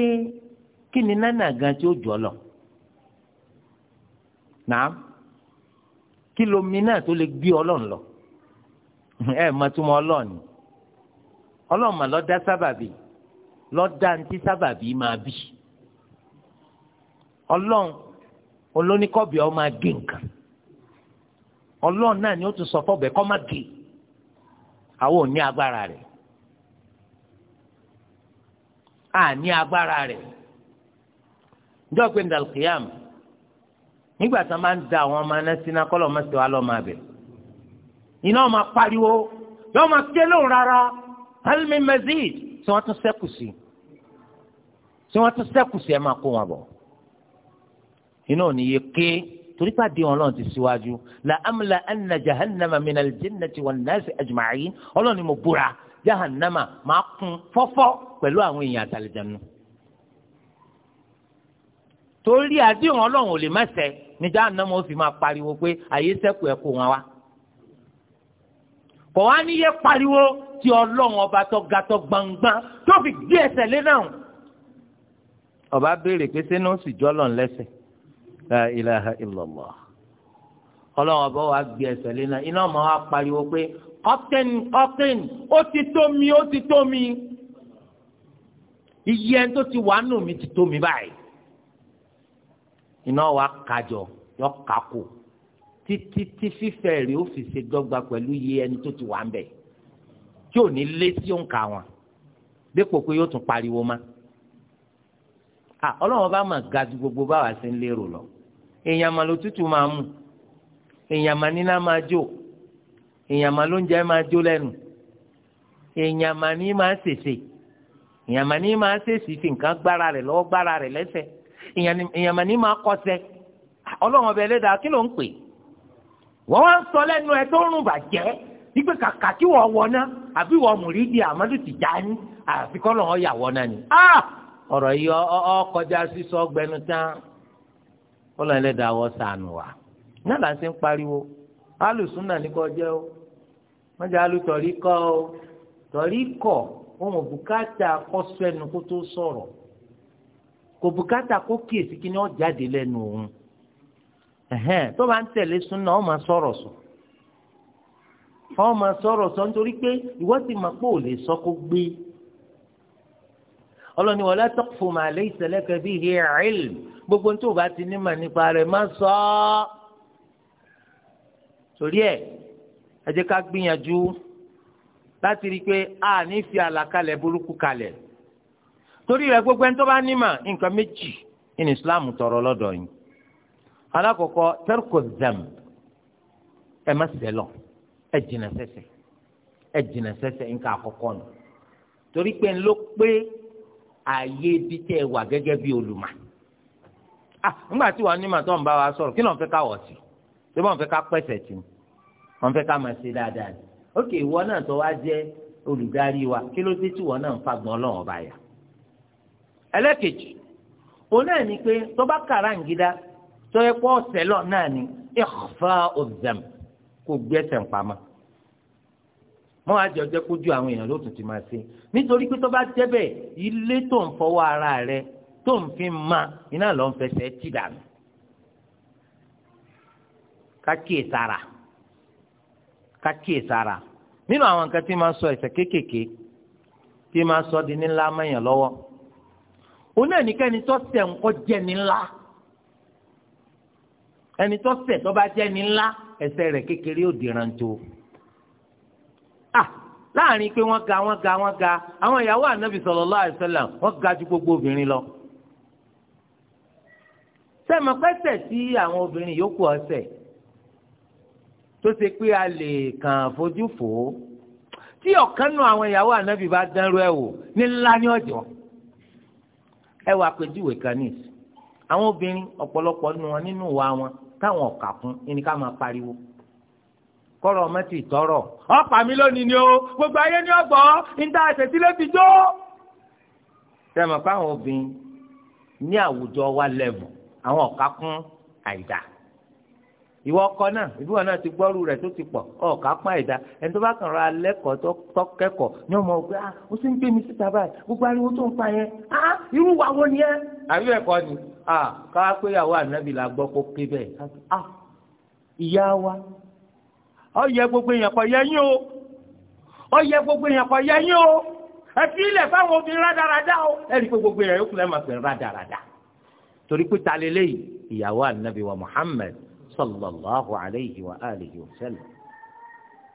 kí ni nánà gan tí ó jọ lọ náà kí lomi náà tó lè gbé ọlọ́run lọ ẹ mọ túmọ̀ ọlọ́run ọlọ́run mà lọ́ọ́ dá sábàbí lọ́ọ́ dá sábàbí máa bì ọlọ́run olóníkọ́bì ọ máa gé nǹkan ọlọ́run náà ni ó tún sọ fọ́bẹ̀ kọ́ máa gé àwọn ò ní agbára rẹ̀ a ní agbára rẹ̀ njọ́ pé ndàlùkìyàm nígbà tí wọ́n máa ń da àwọn ọmọ aná sínú akọ́lọ́ máa ṣe wá lọ́ọ́ máa bẹ̀ iná máa pariwo yóò máa ké lóun rárá halmi mazid tí wọ́n tún sẹ́kù sí tí wọ́n tún sẹ́kù sí ẹ máa kó wọn bọ̀ iná ò ní yé ké torí pàdé ọlọ́run ti síwájú la amla anna jahannama minal jinnati wan nasi ajma'in ọlọ́run ni mo búra jahannama máa kún fọ́fọ́ pẹ̀lú àwọn èèyàn àtàlẹ́jẹ̀nu. torí àdéhùn ọlọ́run ò lè mẹ́sẹ̀ ní jahannama ó fi máa pariwo pé àyè sẹ́kù ẹ̀ kó wọn wá. kò wá níyẹ pariwo tí ọlọ́run ọba tó ga tó gbangban tó fi gbé ẹsẹ̀ lé náà. ọba béèrè pé sẹ́nu ó sì jọ́ ọlọ́run lẹ́sẹ̀ẹ́ la ilaha illallah ọlọ́run ọba wa gbé ẹsẹ̀ lé náà iná ọmọ wa pariwo pé ọ̀kìn ọ̀kìn ó ti tó mi ó ti tó mi iye ẹni tó ti wà nù mí ti tó mi báyìí iná wa kájọ yọ kákò títí tí fífẹ́ rẹ̀ ó fi ṣe dọ́gba pẹ̀lú iye ẹni tó ti wà ń bẹ̀ tí ò ní lé sí òǹkà wọn dépò pé yóò tún pariwo má ọlọ́run ọba mà ga gbogbo báwa ṣe ń lérò lọ. èèyàn mà ma tútù máa mú èèyàn mà níná máa jó èèyàn lóúnjẹ máa jó lẹ́nu èèyàn ní máa ṣèṣe èèyàn mà ní máa ṣèṣì fi nǹkan gbára rẹ̀ lọ́wọ́ gbára rẹ̀ lẹ́sẹ̀ èèyàn ní máa kọsẹ̀ ọlọ́run ọbẹ̀ ẹlẹ́dàá kí ló ń pè wọ́n wá ń wọ ná àbí wọ́n àmọ́dù àfikọ́ lọ́wọ́ yà wọ́n náà ni ah! ọ̀rọ̀ yìí kọ́lọ́ ẹlẹ́dàá wọ́ sànù wá náà là ń pariwo alùsùn náà ní kọ́ jẹ́ o wọ́n jẹ́ alùtọ̀rí kọ́ o tọ̀rí kọ́ ohun bùkátà kọ́sọ́ ẹnu kó tó sọ̀rọ̀ kò bùkátà kó kíyèsí kí ni ó jáde lẹ́nu òun tó bá ń tẹ̀lé súnà máa sọ̀rọ̀ gbogbo tó o bá ti nímọ̀ nípa rẹ̀ má sọ ọ́ torí ẹ̀ ẹ jẹ́ ká gbìyànjú láti rí i pé a ní fi àlàkalẹ̀ burúkú kalẹ̀ torí rẹ̀ gbogbo tó bá nímọ̀ nǹkan méjì ní Islam tọrọ lọ́dọ̀ yìí alákọ̀ọ́kọ́ tẹ́rùkù zẹ̀m ẹ má sẹ́lọ̀ ẹ jìnà sẹ́sẹ̀ ẹ jìnà sẹ́sẹ̀ nǹkan àkọ́kọ́ nù torí pé ń ló pé ààyè ibi tẹ́ ẹ wà gẹ́gẹ́ bí olùmọ̀ ah ńgbà tí wàá nímọ̀ tó ń bá wa sọ̀rọ̀ kí ló ń fẹ́ ká wọ̀ sí ṣé wọ́n fẹ́ ká pẹ̀sẹ̀ tì ní wọ́n fẹ́ ká máa ṣe dáadáa ni ókè ìwọ náà tó wá jẹ́ olùdarí wa kí ló dé tí ìwọ náà ń fagbọ́n lọ́wọ́ bá yà. ẹlẹ́kejì òun náà ni pé tó bá kàràǹgídá tó yẹ pọ́ ọ̀sẹ̀ lọ náà ni ìkọ̀fà òzẹ̀m kò gbé ẹsẹ̀ ń pamọ́ mọ́ àjọ jẹ́ kójú àwọn èèyàn ló tún ti máa ṣe nítorí pé tó bá jẹ́ bẹ́ẹ̀ ilé tó ń fọwọ́ ara rẹ̀ tó ń fi ma iná lọ ń fẹsẹ̀ tì dànù kákìí sara kákìí sara nínú àwọn nǹkan tí máa sọ ẹ̀ṣẹ̀ kéékèèké tí máa sọ di nílá mẹ́yàn lọ́wọ́ òun náà ní kẹ́ni tó ṣẹ̀ ń kọ́ jẹ́ nílá ẹni tó ṣẹ̀ tó bá jẹ́ nílá ẹ̀ṣẹ̀ rẹ̀ kékeré ò dìran tó ah láàrin pé wọn ga wọn ga wọn ga àwọn ìyàwó ànábì sallallahu alaihi wasallam ga ju gbogbo obìnrin lọ. sẹ́mi pẹ́sẹ̀ tí àwọn obìnrin yòókù ọ̀sẹ̀ tó ṣe pé a lè kàn fojú fò ó tí ọ̀kan nù àwọn ìyàwó ànábì bá dánrú ẹ̀ wò ní ńlá ní ọ̀jọ́ ẹ wà pẹ̀júwe kan ní ìsìn àwọn obìnrin ọ̀pọ̀lọpọ̀ nù wọn nínú wa wọn táwọn ọ̀kà fún ẹni ká máa pariwo kọ́rọ̀ ọmọ ti tọrọ ọ̀pá mi lónìí ni o gbogbo ayé ní ọgbọ́ níta àṣẹsílẹ̀ ti jó. sẹ́mi pé àwọn obìnrin ní àwùjọ wa lẹ́bùn àwọn ọ̀ka kún àìdá ìwọ ọkọ náà ìbí náà ti gbọ́rú rẹ̀ tó ti pọ̀ ọ̀ka kún àìdá ẹni tó bá kàn ra lẹ́kọ̀ọ́ tó kẹ́kọ̀ọ́ ní ọmọ ògbé ah ó sì ń gbé mi síta báyìí gbogbo ariwo tó ń pa yẹn ah irú wa wo ni ẹ. àbí ẹ̀kọ́ ni ah káwá pé ìyàwó ànábì la gbọ́ kó ké bẹ́ẹ̀ ah ìyá wa ọ yẹ gbogbo èèyàn kọ yẹ yín o ọ gbogbo èèyàn kọ yẹ yín o ẹ fi ilẹ̀ fáwọn obìnrin rádaràdà o ẹ rí i pé gbogbo èèyàn yókù lẹ́ẹ̀ máa pè torí pé ta lélẹ́yìí ìyàwó ànábì wa Muhammad sallallahu alayhi wa alihi wa sallam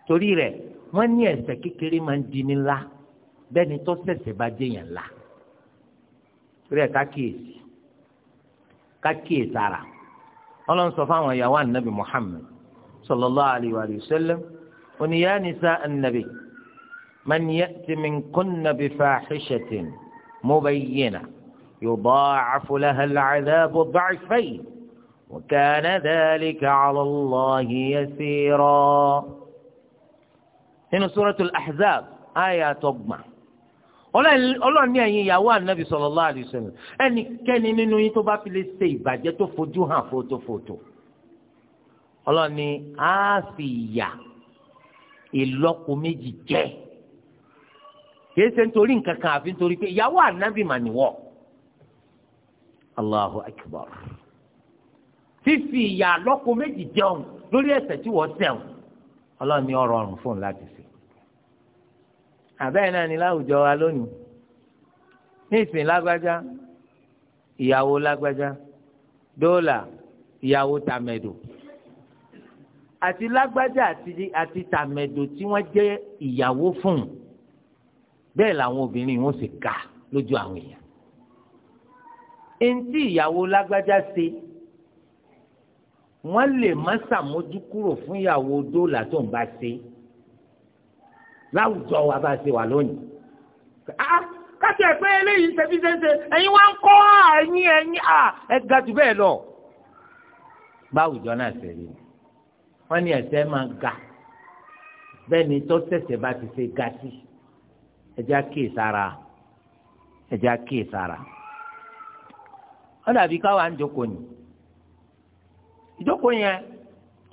torí rẹ̀ wọ́n ní ẹ̀ṣẹ̀ kékeré máa ń di ní ńlá bẹ́ẹ̀ni tó ṣẹ̀ṣẹ̀ bá jẹyàn ńlá torí ẹ̀ kákìyèsí kákìyèsí ara ọlọ́run sọ fáwọn ìyàwó ànábì Muhammad sallallahu alayhi wa alihi wa sallam oníyà nisa ànábì man ya'ti minkunna bi fahishatin mubayyinah. يضاعف لها العذاب ضعفين وكان ذلك على الله يسيرا هنا سورة الأحزاب، آية àtọgbà ọlọ́run ní ẹ̀yin ìyàwó ànábì sallallahu alaihi wasallam ẹnikẹ́ni nínú yín tó bá fi lè ṣe ìbàjẹ́ tó fojú hàn fòtòfòtò ọlọ́run ní á fi ìyà ìlọ́po méjì jẹ́ kìí ṣe nítorí nǹkan kan àfi nítorí pé ìyàwó ànábì mà nìwọ́ Allahu akbar fífi ìyà lọ́kọ méjì jẹun lórí ẹ̀ṣẹ̀ tí wọ́n ṣẹ̀wọ̀n ọlọ́run ní ọ̀rọ̀ ọ̀run fóun láti ṣe àbẹ́ẹ̀ náà ni láwùjọ wa lónìí ní ìsìn lágbájá ìyàwó lágbájá dóòlà ìyàwó tàmẹ̀dò àti lágbájá àti tàmẹ̀dò tí wọ́n jẹ́ ìyàwó fún un bẹ́ẹ̀ làwọn obìnrin wọn sì ga lójú àwọn èèyàn eŋti ìyàwó lágbájá ṣe wọ́n lè má ṣàmójúkúrò fún ìyàwó dóòlà tó ń bá ṣe láwùjọ wa bá ṣe wà lónìí. Ah, káṣí ẹ pé eléyìí ṣẹbi ṣẹṣẹ ẹ̀yin wá ń kọ́ ẹ̀yin ẹ̀yin ah, ẹ ga jù bẹ́ẹ̀ lọ. báwùjọ náà ṣe wọ́n ní ẹsẹ̀ máa ga bẹ́ẹ̀ ni tó ṣẹ̀ṣẹ̀ bá ti ṣe ga sí ẹjẹ́ àkíyèsára ẹjẹ́ àkíyèsára ó dàbí káwa ń jókòó ni ìjókòó yẹn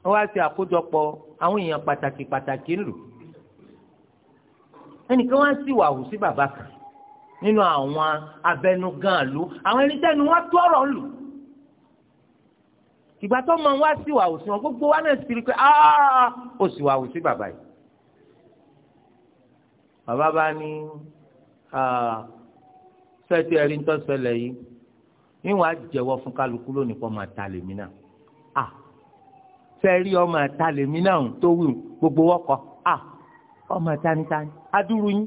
wọ́n wá sí àkójọpọ̀ àwọn èèyàn pàtàkì pàtàkì ńlù ẹnìkan wá sí wàhù sí bàbá kan nínú àwọn abẹnugan ìlú àwọn ẹni tẹnu wọn tó ọ̀rọ̀ ńlù ìgbà tó mọ wá sí wàhù sí wọn gbogbo wa náà sì rí pé ó sì wàhù sí bàbá yìí bàbá bá ní sẹ́ẹ̀tì ẹ̀rí ń tọ́ ṣẹlẹ̀ yìí níwọ̀n á jẹ́wọ́ fún kálukú lónìí kọ́ máa ta lèmi náà à fẹ́ẹ́ rí ọmọ ta lèmi náà tó wù gbogbo wọ́kọ̀ à ọmọ tanitani adúrú yín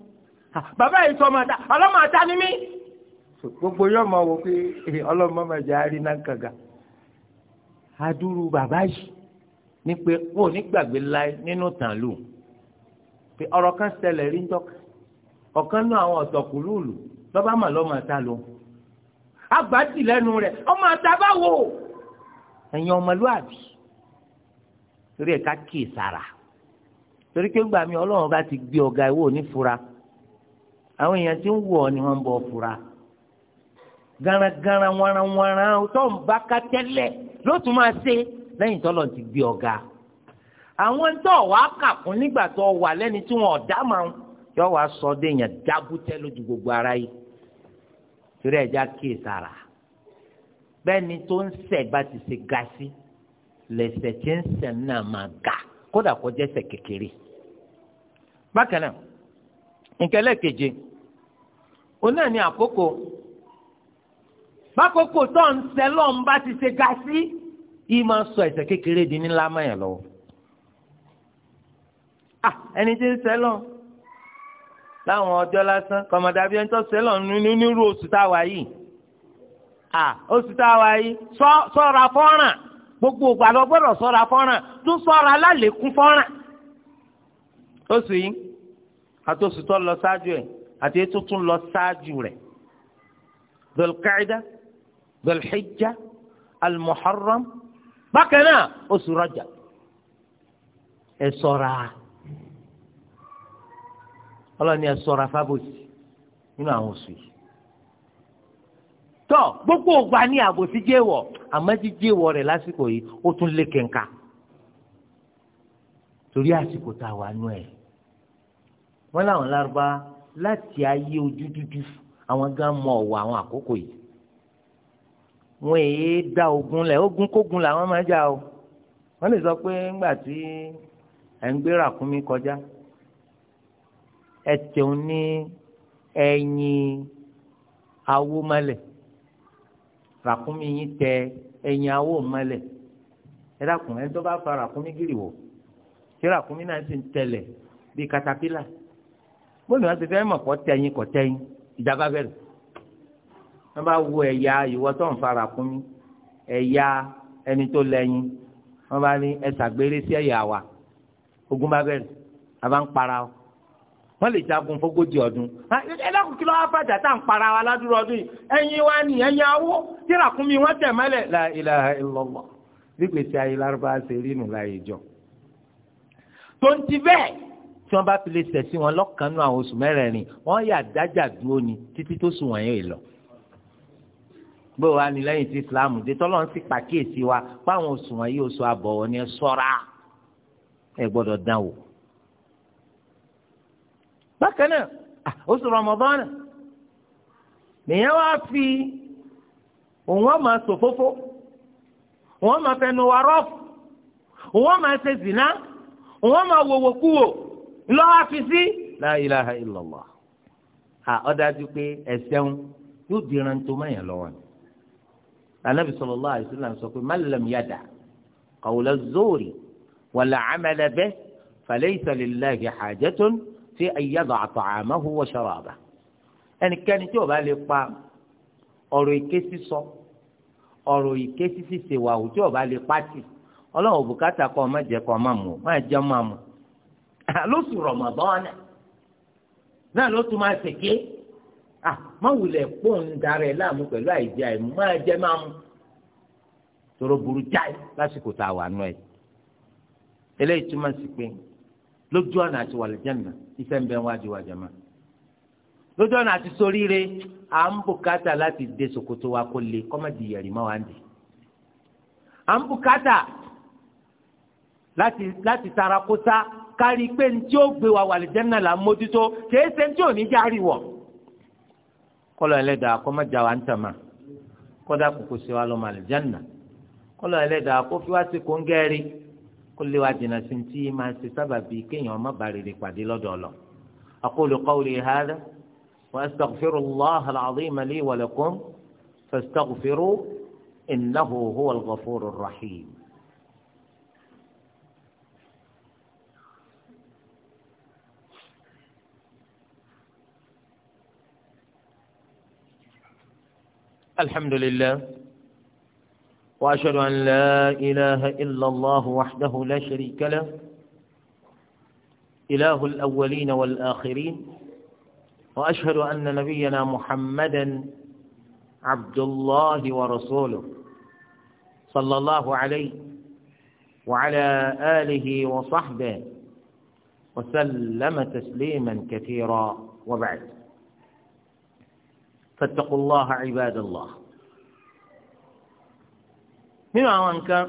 bàbá yìí sọ ọmọ ta ọlọ́mọ ta ni mí gbogbo yóò máa wò pé ọlọ́mọ máa jẹ́ àárín náà kàga adúrú bàbá yìí ní pé wọn ò ní gbàgbé láé nínú tàn lù pé ọ̀rọ̀ kan ṣẹlẹ̀ rí ń tọ́ka ọ̀kan náà àwọn ọ̀tọ̀kùlùlù lọ́ba mà lọ́mọ ta agbádì lẹ́nu rẹ̀ ọmọ àtàbáwò ẹ̀yin ọmọlúwàbí torí ẹ̀ka kì í sára torí pé gbàmí ọlọ́run bá ti gbé ọ̀gá ìwọ ní fura àwọn èèyàn tí ń wọ̀ ọ́ ni wọ́n ń bọ̀ fura garagara waranwaran tó ń bá ká tẹ́lẹ̀ ló tún máa ṣe lẹ́yìn tọ́lọ̀ ti gbé ọ̀gá àwọn tó wà kà fún nígbà tó wà lẹ́ni tí wọ́n ọ̀dá máa ń yọ wá sọ ọ́ déèyàn dábútẹ́ lójú gbogbo ara yìí torí ẹja kíì sára bẹ́ẹ̀ni tó ń ṣẹ̀ bá ti ṣe ga sí lẹ́sẹ̀ tí ń ṣẹ̀ náà máa ga kódà kó jẹ́sẹ̀ kékeré bákan náà nkẹlẹ keje òun náà àkókò bákòókò tó ń ṣẹ̀ lọ bá ti ṣe ga sí yìí máa sọ ẹ̀ṣẹ̀ kékeré di ńlá mọ́ yẹn lọ́wọ́ ah ẹni tí ń ṣẹ̀ lọ láwọn ọjọ́ lásán kọ̀mọ̀dàbí ẹni tó sẹ́lọ̀ nínú oṣù tá a wà yìí oṣù tá a wà yìí sọ́ra fọ́ràn gbogbo ògbà lọ gbọ́dọ̀ sọ́ra fọ́ràn tún sọ́ra lálẹ́kún fọ́ràn oṣù yìí àti tó lọ ṣáájú ẹ̀ àti ètò tún lọ ṣáájú rẹ̀ dọ̀lùkàìdá dọ̀lùhìjà almuharram bákan náà oṣù rọjà ẹ sọ́ra. E ọlọ́ni ẹ sọra fábòsì nínú àwọn oṣù yìí tọ gbogbo ògbà ní àbòsí jéwọ àmọ́ jíjéwọ rẹ̀ lásìkò yìí ó tún lé kẹńkà torí àsìkò tá a wà nú ẹ wọn làwọn lárúbá láti ayé ojú dúdú àwọn gan mọ ọwọ́ àwọn àkókò yìí wọn èé da ogun lẹ ogun kógun làwọn máa jà o wọn lè sọ pé ńgbà tí ẹ ń gbéra kún mi kọjá ẹ jẹun ní ẹyin awo mọ́lẹ̀ ràkúnmí yín tẹ ẹyin awo mọ́lẹ̀ ẹ dákun ẹni tó bá fa ràkúnmí gírì wọ̀ tí ràkúnmí náà sì ń tẹlẹ̀ bíi katapila bóyá wọn ti fẹ́ mọ̀ kọ́ tẹyin kọ́ tẹyin ìjàmbá bẹ̀rẹ̀ wọn bá wo ẹ̀yà ìwọ tó ń fa ràkúnmí ẹ̀yà ẹni tó lẹ́yìn wọn bá ní ẹ̀sàgbére sí ẹ̀yà wa ogun bá bẹ̀rẹ̀ a bá ń para o wọ́n lè jagun fógójì ọdún ah, ẹ lọ́kùn kí ló wá fàjà tá à ń para wa ládùúrọ̀ ọdún yìí ẹ̀yin wa ni ẹ̀yin awó tí ràkúnmí wọ́n tẹ̀ mọ́lẹ̀ la ilaha illallah gbígbèsè ayé lárúbá ṣe rí nù láyé jọ. tonti bẹ́ẹ̀ tí wọ́n bá fi lè tẹ̀sí wọn lọ́kànnú àwọn oṣù mẹ́rẹ̀ẹ̀rin wọ́n yà dájà dúró ni títí tó sùn wọ̀nyí lọ. bó wa ni lẹ́yìn tí islam dé tọ́lọ́ ń sì bákan náà oṣù Ramadan nìyẹn wá fi òun ọmọ sòfófó òun ọmọ fẹnu wa rọfù òun ọmọ ẹsẹ zina òun ọmọ wòwò kúwò lọ́wọ́ fi sí la ilaha illallah ọ̀dájú pé ẹ̀sẹ̀hún yóò di ìrántó mẹ́yìn lọ́wọ́ ni anabi sallallahu alaihi wasallam sọ pé malam yada qawla zori wala amala bih falaysa lillahi hajatun. fi an yada'a ta'amahu wa sharabahu ẹnikẹni tí o bá lè pa ọrụ èké sísọ ọ̀rọ̀ èké sísì ṣèwàhù tí o bá lè pàtì ọlọ́run òbúkátà kọ ọmọ jẹ́ kọ́ má mú má jẹ́ má mú lóṣù Ramadan náà ló máa ṣèké má wulẹ̀ pọ́ùn láàmú pẹ̀lú àìjẹ àìmú má jẹ́ má mu tòrò burú jáì lásìkò tá a wà nù eléyìí túmọ̀ sí pé lójú ọ̀nà àti wàlẹ̀ jẹ́nà iṣẹ́ ń bẹ wájú wa jẹ́mà lójú ọ̀nà àti soríire à ń bùkátà láti dé ṣòkòtò wa kó le kọ́mọ̀dì yẹ̀rì mọ́ wa ń dì à ń bùkátà láti láti tara kó sá kárí pé ní tí ó gbé wa wàlẹ̀ jẹ́nà là ń mójútó kìí ṣe ní tí ò ní járe wọ̀ kọ́lọ̀ ẹlẹ́dàá kọ́mọ̀dà wa ń tàmà kọ́dà kòkòṣe wa lọ́mọ àlẹ̀ jẹ́nà kọ́lọ̀ ẹlẹ́dàá kó fi wá sí kóńgẹ́rì. kó lè wá jìnnà sí ti máa ṣe sábàbí kéèyàn má bàa rèrè pàdé lọ́dọ̀ ọ̀lọ́ aqulu qawli hadha wa astaghfirullaha al-azima li wa lakum fastaghfiru innahu huwa al-ghafuru ar-rahim. الحمد لله وأشهد أن لا إله إلا الله وحده لا شريك له إله الأولين والآخرين وأشهد أن نبينا محمدا عبد الله ورسوله صلى الله عليه وعلى آله وصحبه وسلم تسليما كثيرا وبعد فاتقوا الله عباد الله nínú àwọn nǹkan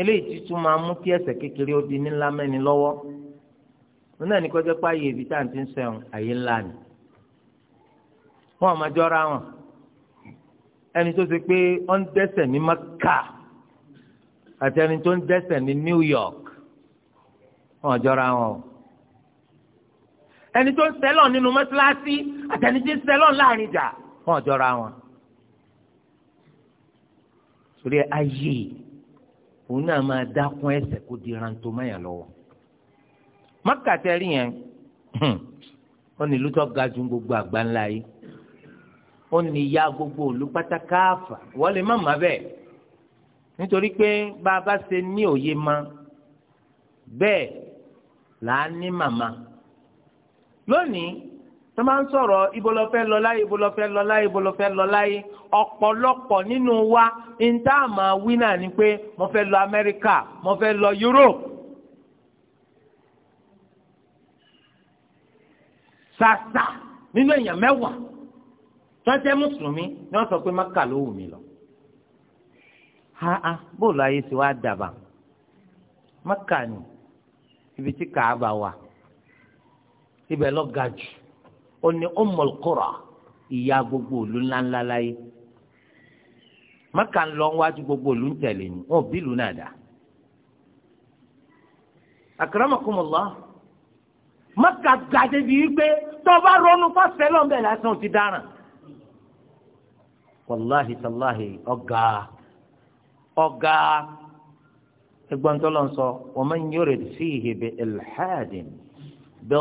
eléyìí tuntun máa mú kí ẹ̀ṣẹ̀ kékeré ó di ńlá mẹ́ni lọ́wọ́ wọn náà ní kọjá pé ààyè ibi tá à ń ti ń sẹ̀wọ̀n ààyè ńlá ni wọn ò máa jọra wọn ẹni tó ṣe pé ó ń dẹ́ṣẹ̀ ní Maka àti ẹni tó ń dẹ́ṣẹ̀ ní New York wọn ò jọra wọn o ẹni tó ń sẹ́lọ̀ nínú mọ́ṣáláṣí àti ẹni tó ń sẹ́lọ̀ láàrin ìjà wọn ò jọra wọn torí ayé òun náà máa dákun ẹsẹ̀ kó di rántó mẹ́yà lọ́wọ́ mọ́kà tẹ́rí yẹn <clears throat> ó ní ìlú tó ga ju gbogbo àgbáńlá yìí ó ní ìyá gbogbo òlu pátákáàfà wọ́n má má bẹ́ẹ̀ nítorí pé bá a bá ṣe ní òye ma bẹ́ẹ̀ là ní màmá lónìí tó máa ń sọ̀rọ̀ ibolọ́fẹ́ lọ́láyé ibolọ́fẹ́ lọ́láyé ibolọ́fẹ́ lọ́láyé ọ̀pọ̀lọpọ̀ nínú wa ń tá a máa wí náà ni pé mo fẹ́ lọ Amẹ́ríkà mo fẹ́ lọ Europe. sàṣà nínú èèyàn mẹ́wàá tó mùsùlùmí ni wọ́n sọ pé Mẹ́kà ló wù mí lọ. ha bóòlù ayé ti wá dàbà Mẹ́kà ni ibi tí kàá bá wà ibẹ̀ lọ ga jù onye ní kura gbogbo òlu ńláńlá láyé maka ń lọ gbogbo òlu ń ni bí ìlú náà dá Akramakumullah Mẹ́kà maka bíi gbé tọba ronú fásitì lọ́nbẹ̀ lásán ti dáràn wàláhi sàláhi ọ̀gá ọ̀gá ẹgbọ́n tó lọ sọ wa man yurid fihi bi bi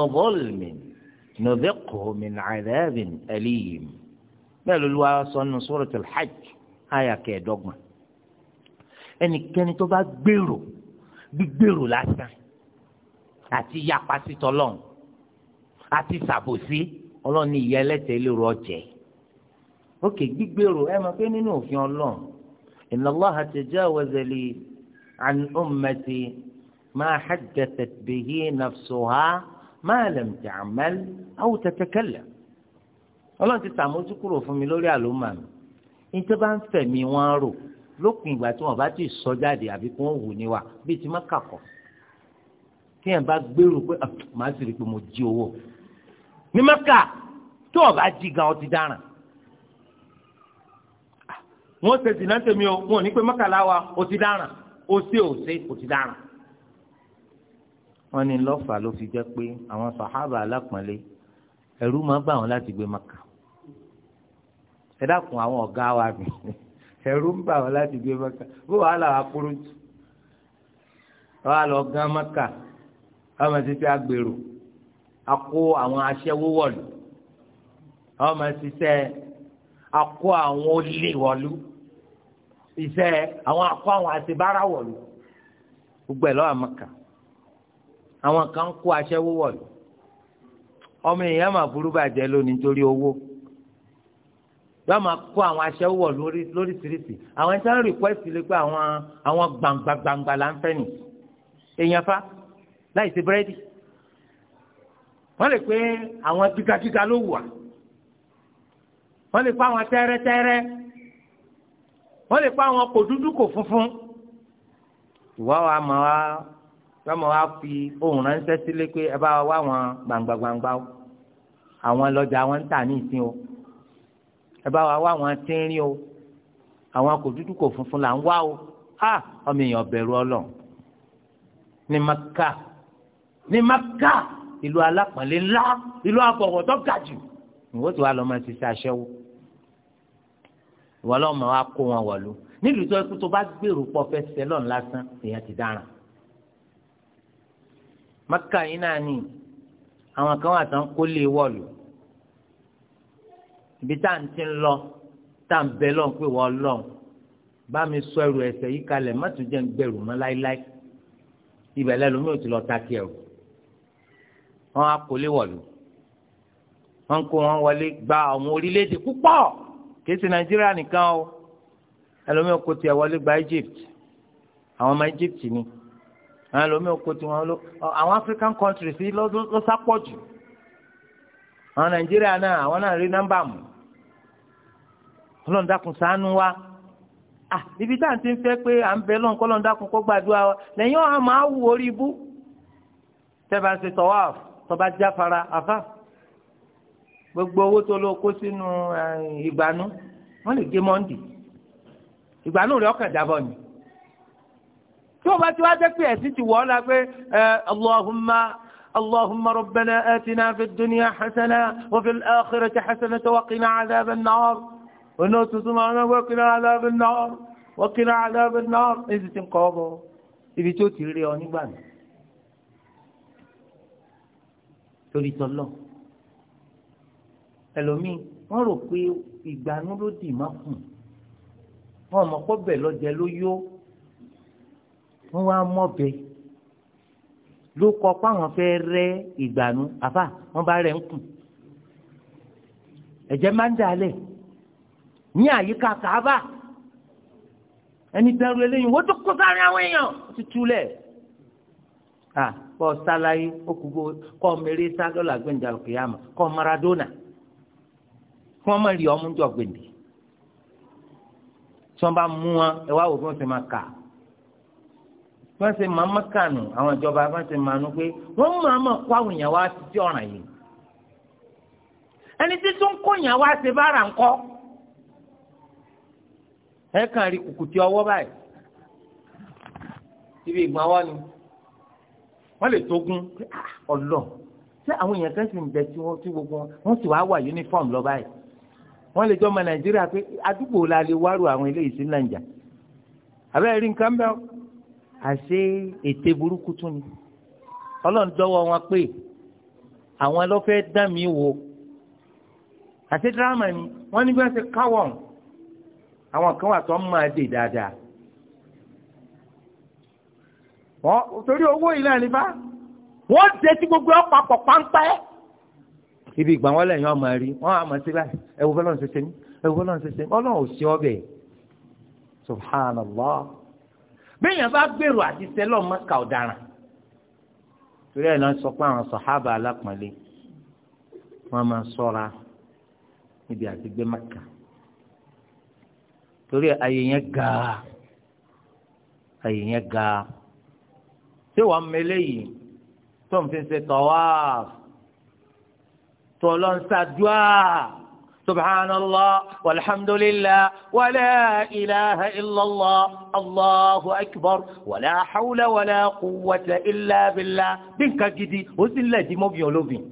nudhiqhu min adhabin alim bẹ́ẹ̀ ló wá sọnù suratul hajj àyà kẹẹ̀dọ́gbọ̀n ẹnikẹ́ni tó bá gbèrò gbígbèrò lásán àti yapa sí tọlọ́n àti sàbòsí ọlọ́ni ìyá ẹlẹ́tẹ̀ẹ́ lérò ọ̀jẹ̀ ókè gbígbèrò ẹ máa pé nínú òfin ọlọ́run inna Allaha tajawaza li an ummati ma haddathat bihi nafsuha. ما لم تعمل أو تتكلم ọlọ́run ti sàmójú kúrò fún mi lórí àlómà mi ní tó bá ń fẹ̀mí wọn rò lópin ìgbà tí wọn bá ti sọ jáde àbí kí wọn wù ní wa bíi ti mọ́kà kọ̀ kí yẹn bá gbèrò pé màá sì rí i pé mo jí owó ní mọ́kà tó wọn bá jí gan ti dáràn wọn ṣe dìnnà tèmi o wọn ò ní pé mọ́kà láwa ó ti dáràn ó ṣe ò ṣe ó ti dáràn wọ́n ní lọ́fà ló fi jẹ́ pé àwọn sàhábà alápọ̀nlé ẹ̀rú máa ń bà wọ́n láti gbé maka ẹ dákun àwọn ọ̀gá wa mi ẹ̀rú ń bà wọ́n láti gbé maka bó wàhálà wa kúrú jù wọ́n lọ gán maka wọ́n máa ti agbèrò akó àwọn aṣẹ́wó wọ̀lú wọ́n máa ti akó àwọn olè wọ̀lú ìṣe àwọn akó àwọn àtibára wọ̀lú gbogbo ẹ̀ lọ́wọ́ maka àwọn kan kó aṣẹ́wó wọ̀lú ọmọ èèyàn máa burú bàjẹ́ lónìí nítorí owó yóò máa kó àwọn aṣẹ́wó wọ̀lú lóríṣiríṣi àwọn ẹni tí wọ́n rìkwẹ́sì lè pé àwọn àwọn gbangba gbangba là ń fẹ́ nì èèyàn fa láì sí búrẹ́dì wọ́n lè pé àwọn kíkakíka ló wà wọ́n lè pé àwọn tẹ́rẹ́tẹ́rẹ́ wọ́n lè pé àwọn kò dúdú kò funfun ìwà wa máa wá lọ́mọ wa fi ohun ránṣẹ́ sílé pé ẹ bá wá àwọn gbangba gbangba o àwọn lọ́jà àwọn ń tà ní ìsìn o ẹ bá wá wá àwọn tínrín o àwọn kò dúdú kò funfun là ń wá o a ọmọ èèyàn bẹ̀rù ọlọ́run ní maka ní maka ìlú alápọ̀nlé ńlá ìlú abọ̀wọ̀ tó ìwọ tí wàá lọ máa ṣiṣẹ́ aṣẹ́wó ìwọ wa kó wọn wọ̀lú nílùú tó yẹ kó tó bá gbèrò pọ̀ fẹ́ sẹ́lọ̀n lásán èèyàn ti dáràn maka yìí náà ni àwọn kan wà tán kó lè wọ̀lù ibi tá à ń ti lọ tá à ń bẹ lọ́n pé wọ́n lọ́n bá mi sọ ẹrù ẹsẹ̀ yìí kalẹ̀ má tún jẹ́ ń gbẹrù mọ́ láéláé ibẹ̀ lẹ́nu ò ti lọ ta kí ẹrù wọ́n á kó lè wọ̀lù wọ́n kó wọn wọlé gba ọmọ orílẹ̀-èdè púpọ̀ kìí ṣe nàìjíríà nìkan o ẹlòmíràn kò tiẹ̀ wọlé gba Egypt àwọn ọmọ Egypt ni àwọn ẹlòmí oko tiwọn ló àwọn African countries yìí ló sápọ̀ jù àwọn Nàìjíríà náà àwọn náà rí nọ́mbà mu ọlọ́run dákun wa ah ibi tá à ń ti fẹ́ pé à ń bẹ lọ́n kọ́ lọ́n dákun kó gbàdúrà wa lẹ́yìn ọ̀hún máa wù orí ibú tẹ́bà ṣe tọ́wọ́ tọ́ba jáfara àfa gbogbo owó tó lọ kó sínú ìgbànú wọ́n lè gé mọ́ndì ìgbànú rẹ̀ ọkàn jábọ̀ ni tí wọ́n bá ti wá jẹ́ pé ẹ̀sìn ti wọ̀ la pé ẹ Allahumma اللهم ربنا آتنا في الدنيا حسنة وفي الآخرة حسنة وقنا عذاب النار ونوت سمعنا وقنا عذاب النار وقنا عذاب النار إذا تنقابه ibi tó ti rí ọ nígbà mi torí tọlọ ẹlòmíì wọn rò pé ìgbàanú ló dì má kùn wọn mọ wọ́n wá mọ̀bẹ ló kọ páwọn fẹ́ rẹ́ ìgbànú àfà wọ́n bá rẹ̀ ń kù ẹ̀jẹ̀ máa ń dalẹ̀ ní àyíká kàábà ẹni dẹrù eléyìí wọ́n tó kó sáré àwọn èèyàn ti túlẹ̀ à kọ́ sáláyé ó kọ́ mẹ́rẹ́ sádọ́là gbẹ̀ǹdà kìyàmù kọ́ Maradona kí wọ́n má rí ọmú jọ gbèndé tí wọ́n bá mú wọn ẹ wá wò bí wọ́n máa kà á wọ́n ṣe máa mọ́kànù àwọn ìjọba wọ́n ṣe máa nu pé wọ́n máa mọ̀ kó àwọn èèyàn wá sí ọ̀ràn yìí ẹni tí tó ń kó èèyàn wá ṣe bára ńkọ́ ẹ kàn rí kùkùtì ọwọ́ báyìí ibi ìgbọ̀n wọ́n ni wọ́n lè tógun ah, ọlọ́ ṣé àwọn èèyàn kan sì ń bẹ tí wọ́n tí gbogbo wọn sì wáá wà uniform lọ báyìí wọ́n lè jọ ọmọ nàìjíríà pé àdúgbò la lè wárò àwọn eléyìí sí nàìjà àbẹ́rẹ́ rí nǹkan bẹ́ẹ̀ àṣé ète burúkú tún ni ọlọ́run dọ́wọ́ wọn pé àwọn ló fẹ́ dá mi wò àti dírámà ni wọ́n ní bí wọ́n ṣe káwọ̀ àwọn kan wà tó ń máa dè dáadáa wọ́n torí owó ilé ní bá wọ́n dé tí gbogbo ọ̀pọ̀ pàǹpẹ́ ibi ìgbà wọn lẹ́yìn ọmọ rí wọn àmọ́ sí báyìí ẹ̀wù fọlọ́run ṣẹṣẹ ní ẹ̀wù fọlọ́run ṣẹṣẹ ò sí ọbẹ̀ subhanallah bẹ́ẹ̀yàn bá gbèrò àti sẹ́lọ̀ mọ́kà ọ̀daràn torí ẹ̀ lọ́n sọ pé àwọn sọ̀hábà alápọ̀nlé wọ́n máa sọ́ra níbi àti gbé mọ́kà torí àyè yẹn ga àyè yẹn ga ṣé wàá mẹlẹ́ yìí tó ń fi ṣe tọ́wá tó lọ́n ṣàdúrà. سبحان الله والحمد لله ولا إله إلا الله الله أكبر ولا حول ولا قوة إلا بالله بنك جدي وسلا دي مو بيولوفين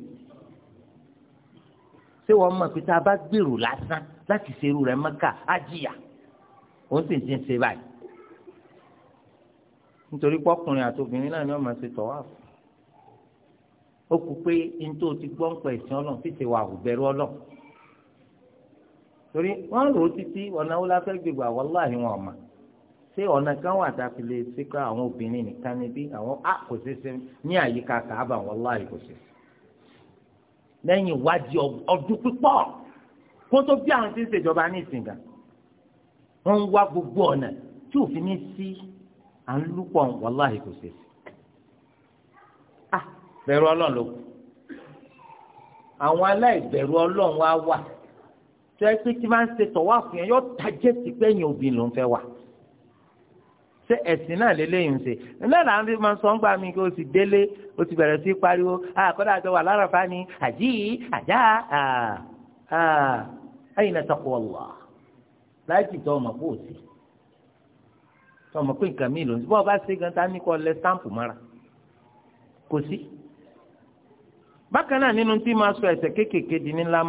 ṣé wọn mọ pé tá a bá gbèrò lásán láti ṣerú rẹ̀ mẹ́kà á jìyà òun sì ti ń ṣe báyìí nítorí pọkùnrin àti obìnrin náà ni wọn máa ṣe tọwọ àfọ ó kú pé n tó ti gbọ́ ń pẹ̀ sí ọlọ́run fi ṣe wà òbẹ̀rù ọlọ́run torí wọ́n rò ó títí ọ̀nà wo la fẹ́ gbégbà wàláhì wọn ọ̀mà ṣé ọ̀nà kan wà tá a fi lè ṣe pé àwọn obìnrin nìkan níbí àwọn a ah, kò ṣe ṣe ní àyíká kàábà wàláhì kò ṣe lẹ́yìn ìwádìí ọdún pípọ̀ kó tó bí àwọn tí ń ṣèjọba ní ìsìnkà wọ́n ń wá gbogbo ọ̀nà tí òfin ní sí à ń lúpọ̀ wàláhì kò ṣe ah, bẹ̀rù ọlọ́run ló kù àwọn aláìbẹ̀rù ọlọ́run wá wà. tó yẹ pé tí máa ń ṣe tọ̀wá fún yẹn yọ tajẹ́ sí pé ẹ̀yìn obìnrin ló ń fẹ́ wà ṣé ẹ̀sìn náà lélẹ́yìn ṣe náà là ń fi máa sọ ń gbà mí kí o sì délé o sì bẹ̀rẹ̀ sí pariwo àkọ́dà àjọ wà lára fa ni àjí àjá ẹ̀yìn náà takò ọ̀là láìsí tó ọmọ kó o sí tó ọmọ pé nǹkan mi ló ń sọ bọ́ọ̀ bá ṣe gan ta ní kọ́ lẹ sáǹpù mọ́ra kò sí bákan náà nínú tí máa sọ ẹ̀ṣẹ̀ kéékèèké di ńlá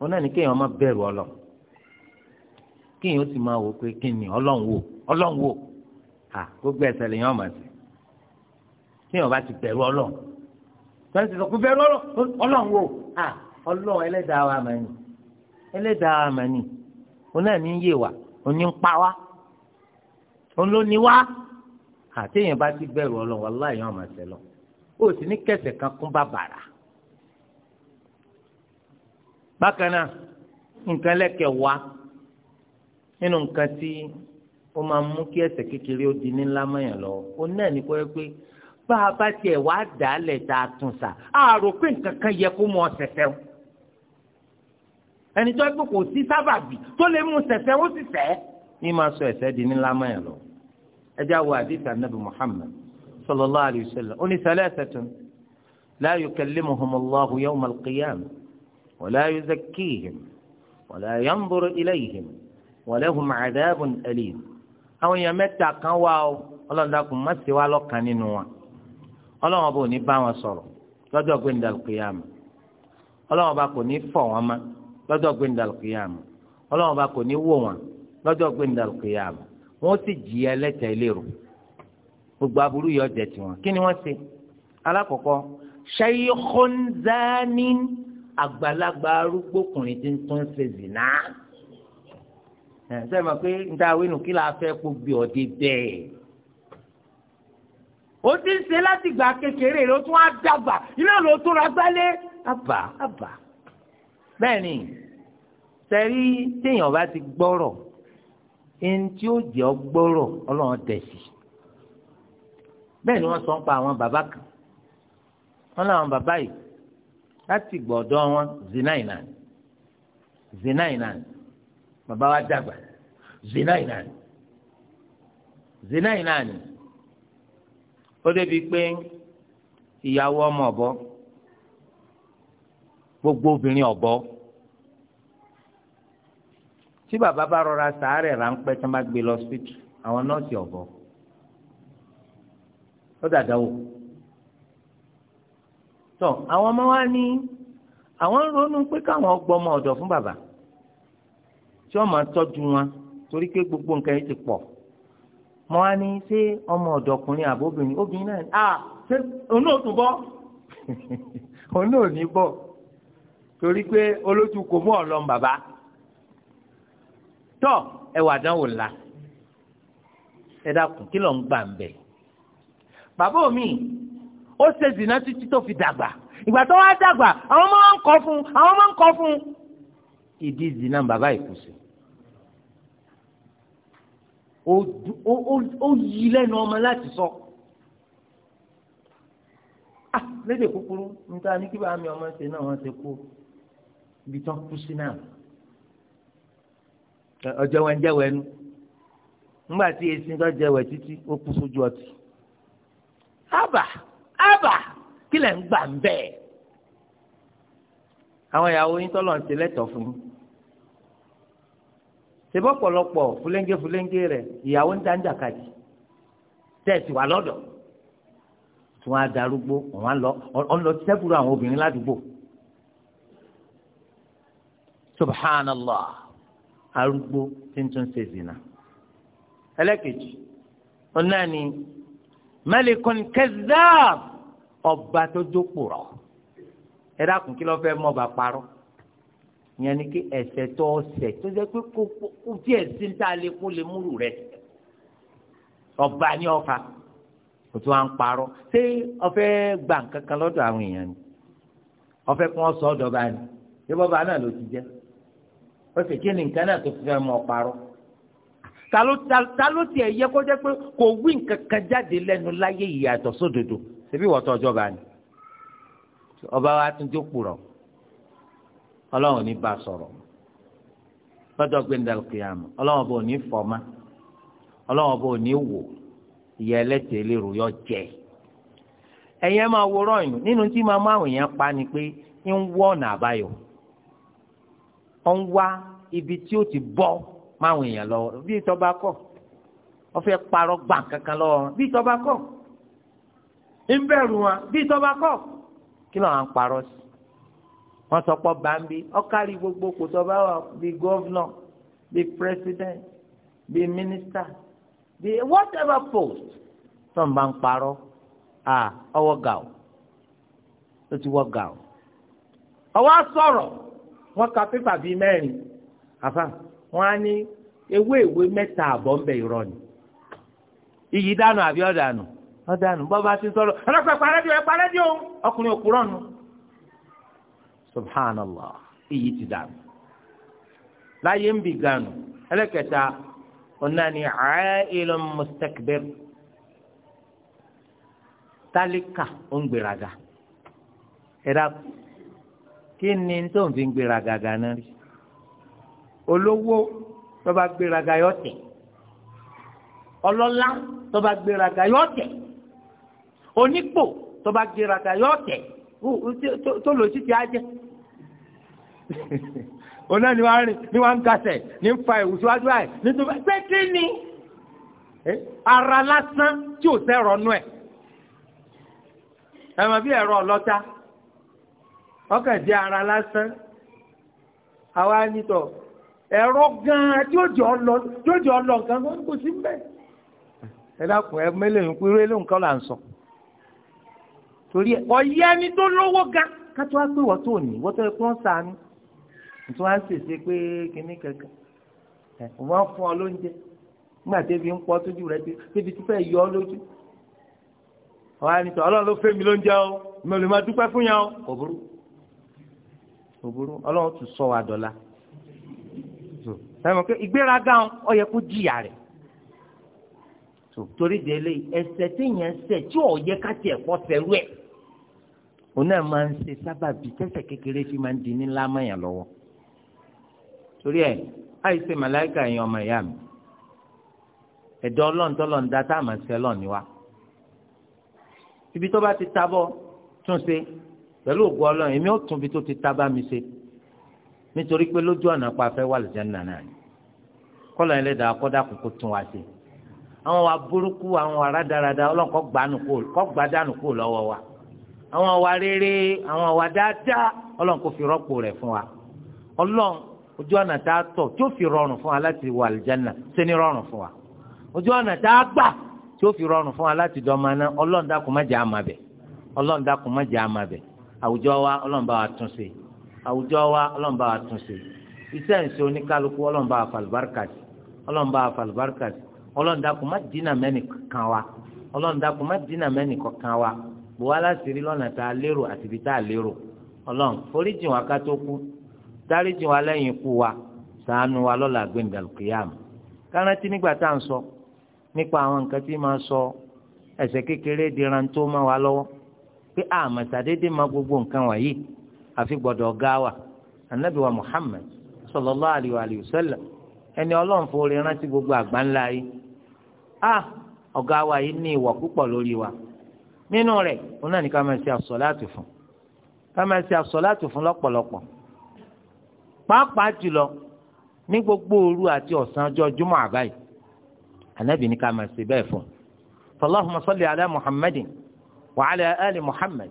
wọn náà ní kéèyàn má bẹ̀rù ọlọ kéèyàn ó sì máa wò pé kí ni ọlọ́run wò ọlọ́run wò à gbogbo ẹsẹ̀ lèèyàn máa ṣe kéèyàn bá ti bẹ̀rù ọlọ́run fẹ́ẹ́ sì sọ pé bẹ̀rù ọlọ́run wò à ọlọ́run ẹlẹ́dàá wa mà ní ẹlẹ́dàá wa mà ní wọn náà ní yé wa òní ń pa wa òun ló ní wa àtẹ̀yìn bá ti bẹ̀rù ọlọ́run wàláyé wọn máa ṣẹlọ ó sì ní kẹsẹ̀ kan kún bàbàrà bákan náà nǹkan lẹ́kẹ̀ wá nínú nǹkan tí ó máa mú kí ẹ̀ṣẹ̀ kékeré ó di nílá mọ́yàn lọ ó náà ní kọ́yọ́ pé bá a bá tiẹ̀ wá dà á lẹ̀ tá tún sà á rò pé nǹkan kan yẹ kó mú ọ sẹ̀sẹ̀ o ẹni tó ẹgbẹ́ kò sí sábàbí tó lè mú sẹ̀sẹ̀ ó sì sẹ́ ní máa sọ ẹ̀ṣẹ̀ di nílá mọ́yàn lọ ẹjẹ́ àwọn àdìsí anabi Muhammad sallallahu alayhi wa sallam ó ní salasatun la yukallimuhumullahu yawmal qiyamah ولا يزكيهم ولا ينظر إليهم ولهم عذاب أليم àwọn èèyàn mẹ́ta kan wá o ọlọ́run dákun má ṣe wá lọ́kàn nínú ọba ò ní wọn sọ̀rọ̀ lọ́jọ́ gbẹ̀ndàlùkìyàmù ọlọ́run ọba ní fọ̀ wọn ọba sì ẹlẹ́tẹ̀ lérò gbogbo aburú yọ jẹ tiwọn kí ni wọ́n ṣe alákọ̀ọ́kọ́ àgbàlagbà arúgbókùnrin tí ń tún ṣe zìnà ṣe mọ̀ pé níta wínú kí la fẹ́ kó gbé ọdẹ bẹ́ẹ̀ ó ti ń ṣe láti gbà kékeré rẹ̀ ó tún á dàgbà iná ló tún ra gbálẹ̀ àbà àbà bẹ́ẹ̀ ni sẹ́rí téèyàn bá ti gbọ́rọ̀ ẹni tí ó jẹ́ ọ gbọ́rọ̀ ọlọ́run tẹ̀sí bẹ́ẹ̀ ni wọ́n sọ ń pa àwọn bàbá kan wọ́n láwọn bàbá yìí láti gbọ̀dọ̀ wọn zinai náà zinai náà bàbá wa dàgbà zinai náà zinai náà ni ó débi pé ìyàwó ọmọ ọ̀bọ gbogbo obìnrin ọ̀bọ tí bàbá bá rọra sàárẹ̀ ráńpẹ́ tí wọ́n bá gbé lọ síbítù àwọn nọ́ọ̀sì ọ̀bọ ó dàda wò tọ àwọn ọmọ wa ní àwọn ronú pé káwọn gbọmọ ọ̀dọ̀ fún bàbá tí wọn máa tọ́jú wọn torí pé gbogbo nǹkan yìí ti pọ̀ mọ wa ní ṣé ọmọ ọ̀dọ́kùnrin àbóbìnrin obìnrin náà à ṣé òun náà tún bọ <laughs> òun náà ní bọ torí pé olójú kò mú ọlọm bàbá tọ ẹwà dánwò la ẹ dákun kí ló ń gbà ń bẹ bàbá mi ó ṣe zìnà títí tó fi dàgbà ìgbà tó wá dàgbà àwọn ọmọ ń kọ fún àwọn ọmọ ń kọ fún ìdí zìnà bàbá ìkùsùn ó yí lẹ́nu ọmọ láti sọ. ah lédè kúkúrú níta ní kí bá mi ọmọ ṣe náà wọ́n ṣe kú ibi tán kú sí náà ọjọ́ wọn jẹ́wọ́ ẹnu nígbà tí èsì tó jẹ́wọ́ títí ó kú sójú ọtí kí lẹ̀ ń gbà ń bẹ́ẹ̀ àwọn ìyàwó yín tọ́lọ̀ ń ṣe lẹ́tọ̀ọ́ fún yín ṣèbọ̀ pọ̀lọpọ̀ fúlẹ́ńgé fúlẹ́ńgé rẹ̀ ìyàwó ń dáńjà kàdì tẹ̀sí wà lọ́dọ̀ tí wọ́n á darúgbó wọ́n á lọ ọ́n lọ sẹ́kùrú àwọn obìnrin ládùúgbò subhanallah arúgbó tí ń tún ṣe zina ẹlẹ́kejì ọ̀nà ni mẹ́lẹ̀kùn kẹ́záàbù ọba tó jókòó rọ ẹ dákun kí ló fẹ́ mọ ọba parọ́ ìyẹn ni kí ẹsẹ̀ tó ọsẹ̀ tó jẹ́ pé kó kó díẹ̀ sí ń tà lé kó lè múrù rẹ ọba ní ọfà kò tó à ń parọ́ ṣé ọfẹ́ gbà kankan lọ́dọ̀ àwọn èèyàn ni ọfẹ́ kí wọ́n sọ ọ́ dọ̀ba ni ṣé bọ́ba náà ló ti jẹ́ ó sì kí ni nǹkan náà tó fi fẹ́ mọ parọ́ ta ló tiẹ̀ yẹ kó jẹ́ pé kò wí nǹkan kan jáde lẹ́nu láyé ìyàtọ̀ sódodo. So ṣebí wọ́tọ̀ ọjọ́ba ni ọba wa tún jókòó rọ̀ ọlọ́run ní bá sọ̀rọ̀ lọ́jọ́ gbẹ̀ndàlùkìyàmù bò ní fọ́mà bò ní wò ìyá yọ jẹ ẹ̀yẹ́ máa wúrọ̀ yìí nínú tí máa máa wòyàn pa ni pé ibi tí ó ti bọ́ máa bí kọ̀ ọ fẹ́ parọ́ ń bẹ̀rù wọn bí tọ́ba kọ̀ kí ló à ń parọ́ sí wọ́n sọ pé bambi ọ̀kárí gbogbo kò tọ́ba wà bíi gọ́vnọ̀ bíi president bíi minister bíi whatever post tó ń bá ń parọ́ à ọwọ́ gà ó ó ti wọ́ gà ó ọwọ́ sọ̀rọ̀ wọ́n ka pépà bíi mẹ́rin àfa wọ́n á ní ewé ìwé mẹ́ta àbọ̀ ń bẹ irọ́ ni iyì dànù àbí ọ̀dànù. ọ̀dànù bọ́ba ti sọ̀rọ̀ ọlọ́pàá ẹ̀pà rẹ́díò ẹ̀pà rẹ́díò ọkùnrin òkúrọ̀ nù. subhanallah iyì ti dànù láyé ń bì gànù ẹlẹ́kẹta ọ̀nàní àìlùm mustakbir tálíkà ó ń gbéraga kí ni tó ń fi gbéraga rí olówó tó bá gbéraga yọ ọlọ́lá tó bá gbéraga onípò tó bá gbéra ta yọ tẹ̀ tó lò sí ti á jẹ́ <laughs> ọ̀nà ni wàá rìn ni wàá ń gasẹ̀ ni ń fa ìwù síwájú àì nítorí bá ṣé kí ni eh, ara lásán tí ò sẹ́rọ̀ nú ẹ̀ ẹ̀ mọ̀ bí ẹ̀rọ ọlọ́ta ọkàn jẹ́ ara lásán àwa nítọ̀ ẹ̀rọ gan-an tí ó jọ lọ tí ó jọ lọ nǹkan kó sí mbẹ́ ẹ dákun ẹ mẹ́lẹ̀ ń pín irú eléyìí nǹkan là ń sọ. torí ẹ ọyẹ ẹni tó lówó ga kátó wá pé ní wọ́n tó yẹ ń fún ọ lóúnjẹ nígbà tẹ́bi ń pọ́ tójú rẹ tẹ́bi yọ ọ lójú ní ọlọ́run ló fẹ́ mi lóúnjẹ o mi ò lè máa dúpẹ́ fún yẹn o kò burú kò burú ọlọ́run tún sọ ọ yẹ kó jìyà rẹ̀ torí délé ẹsẹ̀ tí yẹn ń tí yẹ ká tiẹ̀ òun náà máa ń ṣe sábàbí tẹ́sẹ̀ kékeré tí máa ń di nílá mọ́yàn lọ́wọ́ torí ẹ̀ àìsè màláìka èèyàn ọmọ ìyá mi ẹ̀dọ́ ọlọ́ntọ́lọ́ ń da tá a máa ṣe lọ́ọ̀ni wa ibi tó bá ti tabọ́ tún ṣe pẹ̀lú ògùn ọlọ́run èmi ò tún ibi tó ti tabá mi ṣe nítorí pé lójú ọ̀nà pa afẹ́ wà lùjẹ́ nà náà ni kọ́lọ̀ ẹlẹ́dàá kọ́dà kò tún wá sí àwọn wa burúkú àwọn wa rádaràda ọlọ́run kọ́ gbà dànù kó lọ́wọ́ wa. àwọn àwa rere àwọn àwa dáadáa fi rọ́pò rẹ̀ fún wa ọlọ́run ojú ọ̀nà tá a tọ̀ tí ó fi rọrùn fún wa láti wà ṣe rọrùn fún wa ojú ọ̀nà tá a gbà tí ó fi rọrùn fún wa láti dọ́mọ ọlọ́run dákun má jẹ́ àmà bẹ̀ ọlọ́run dákun má jẹ́ àmà bẹ̀ àwùjọ wa ọlọ́run bá wa tún ṣe àwùjọ wa ọlọ́run bá wa tún ṣe bò wá láti rí lọ́nà tá a lérò àti ibi tá a lérò ọlọ́run foríjì wa ká tó kú dáríjì wa lẹ́yìn ikú wa ṣàánú wa lọ́la gbẹ̀ndàlùkìyàmù kárántí nígbà tá à ń sọ nípa àwọn nǹkan tí máa sọ ẹ̀ṣẹ̀ kékeré diran tó má wa lọ́wọ́ pé àmọ́ sàdédé gbogbo nǹkan wọ̀nyí àfi gbọ́dọ̀ gá wa anabi wa Muhammad sallallahu alayhi wa alayhi wa sallam ẹni ọlọ́run forí rántí gbogbo àgbáńlá yìí ah ọ̀gá wa yìí ní ìwọ̀ púpọ̀ lórí wa nínú rẹ̀ òun náà ní ká máa ṣe àsọ̀láàtì fún ká máa ṣe àsọ̀láàtì fún lọ́pọ̀lọpọ̀ pàápàá jùlọ ní gbogbo òru àti ọ̀sán ọjọ́ júmọ̀ àbáyé ànábì ní ká máa ṣe bẹ́ẹ̀ fún fallahumma salli ala muhammadin wa ala ali muhammad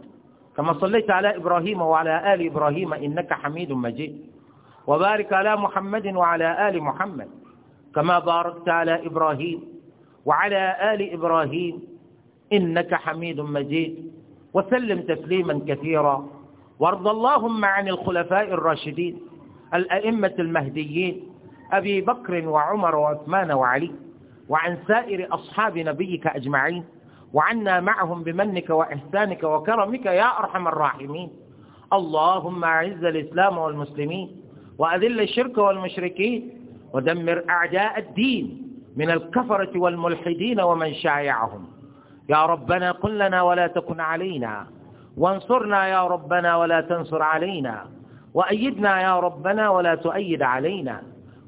kama sallaita ala ibrahima wa ala ali ibrahima innaka hamidun majid wa barik ala muhammadin wa ibrahim wa ala ibrahim إنك حميد مجيد وسلم تسليما كثيرا وارض اللهم عن الخلفاء الراشدين الأئمة المهديين أبي بكر وعمر وعثمان وعلي وعن سائر أصحاب نبيك أجمعين وعنا معهم بمنك وإحسانك وكرمك يا أرحم الراحمين اللهم أعز الإسلام والمسلمين وأذل الشرك والمشركين ودمر أعداء الدين من الكفرة والملحدين ومن شايعهم يا ربنا قل لنا ولا تكن علينا وانصرنا يا ربنا ولا تنصر علينا وأيدنا يا ربنا ولا تؤيد علينا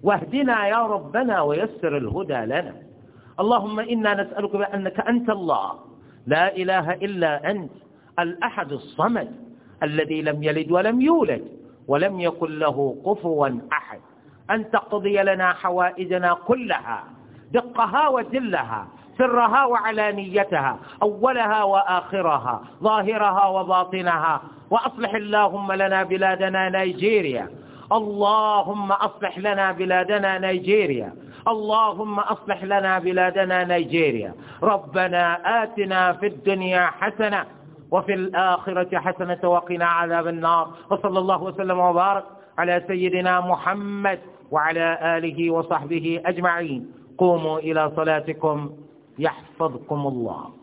واهدنا يا ربنا ويسر الهدى لنا اللهم إنا نسألك بأنك أنت الله لا إله إلا أنت الأحد الصمد الذي لم يلد ولم يولد ولم يكن له قفوا أحد أن تقضي لنا حوائجنا كلها دقها وجلها سرها وعلانيتها أولها وآخرها ظاهرها وباطنها وأصلح اللهم لنا بلادنا نيجيريا اللهم أصلح لنا بلادنا نيجيريا اللهم أصلح لنا بلادنا نيجيريا ربنا آتنا في الدنيا حسنة وفي الآخرة حسنة وقنا عذاب النار وصلى الله وسلم وبارك على سيدنا محمد وعلى آله وصحبه أجمعين قوموا إلى صلاتكم يحفظكم الله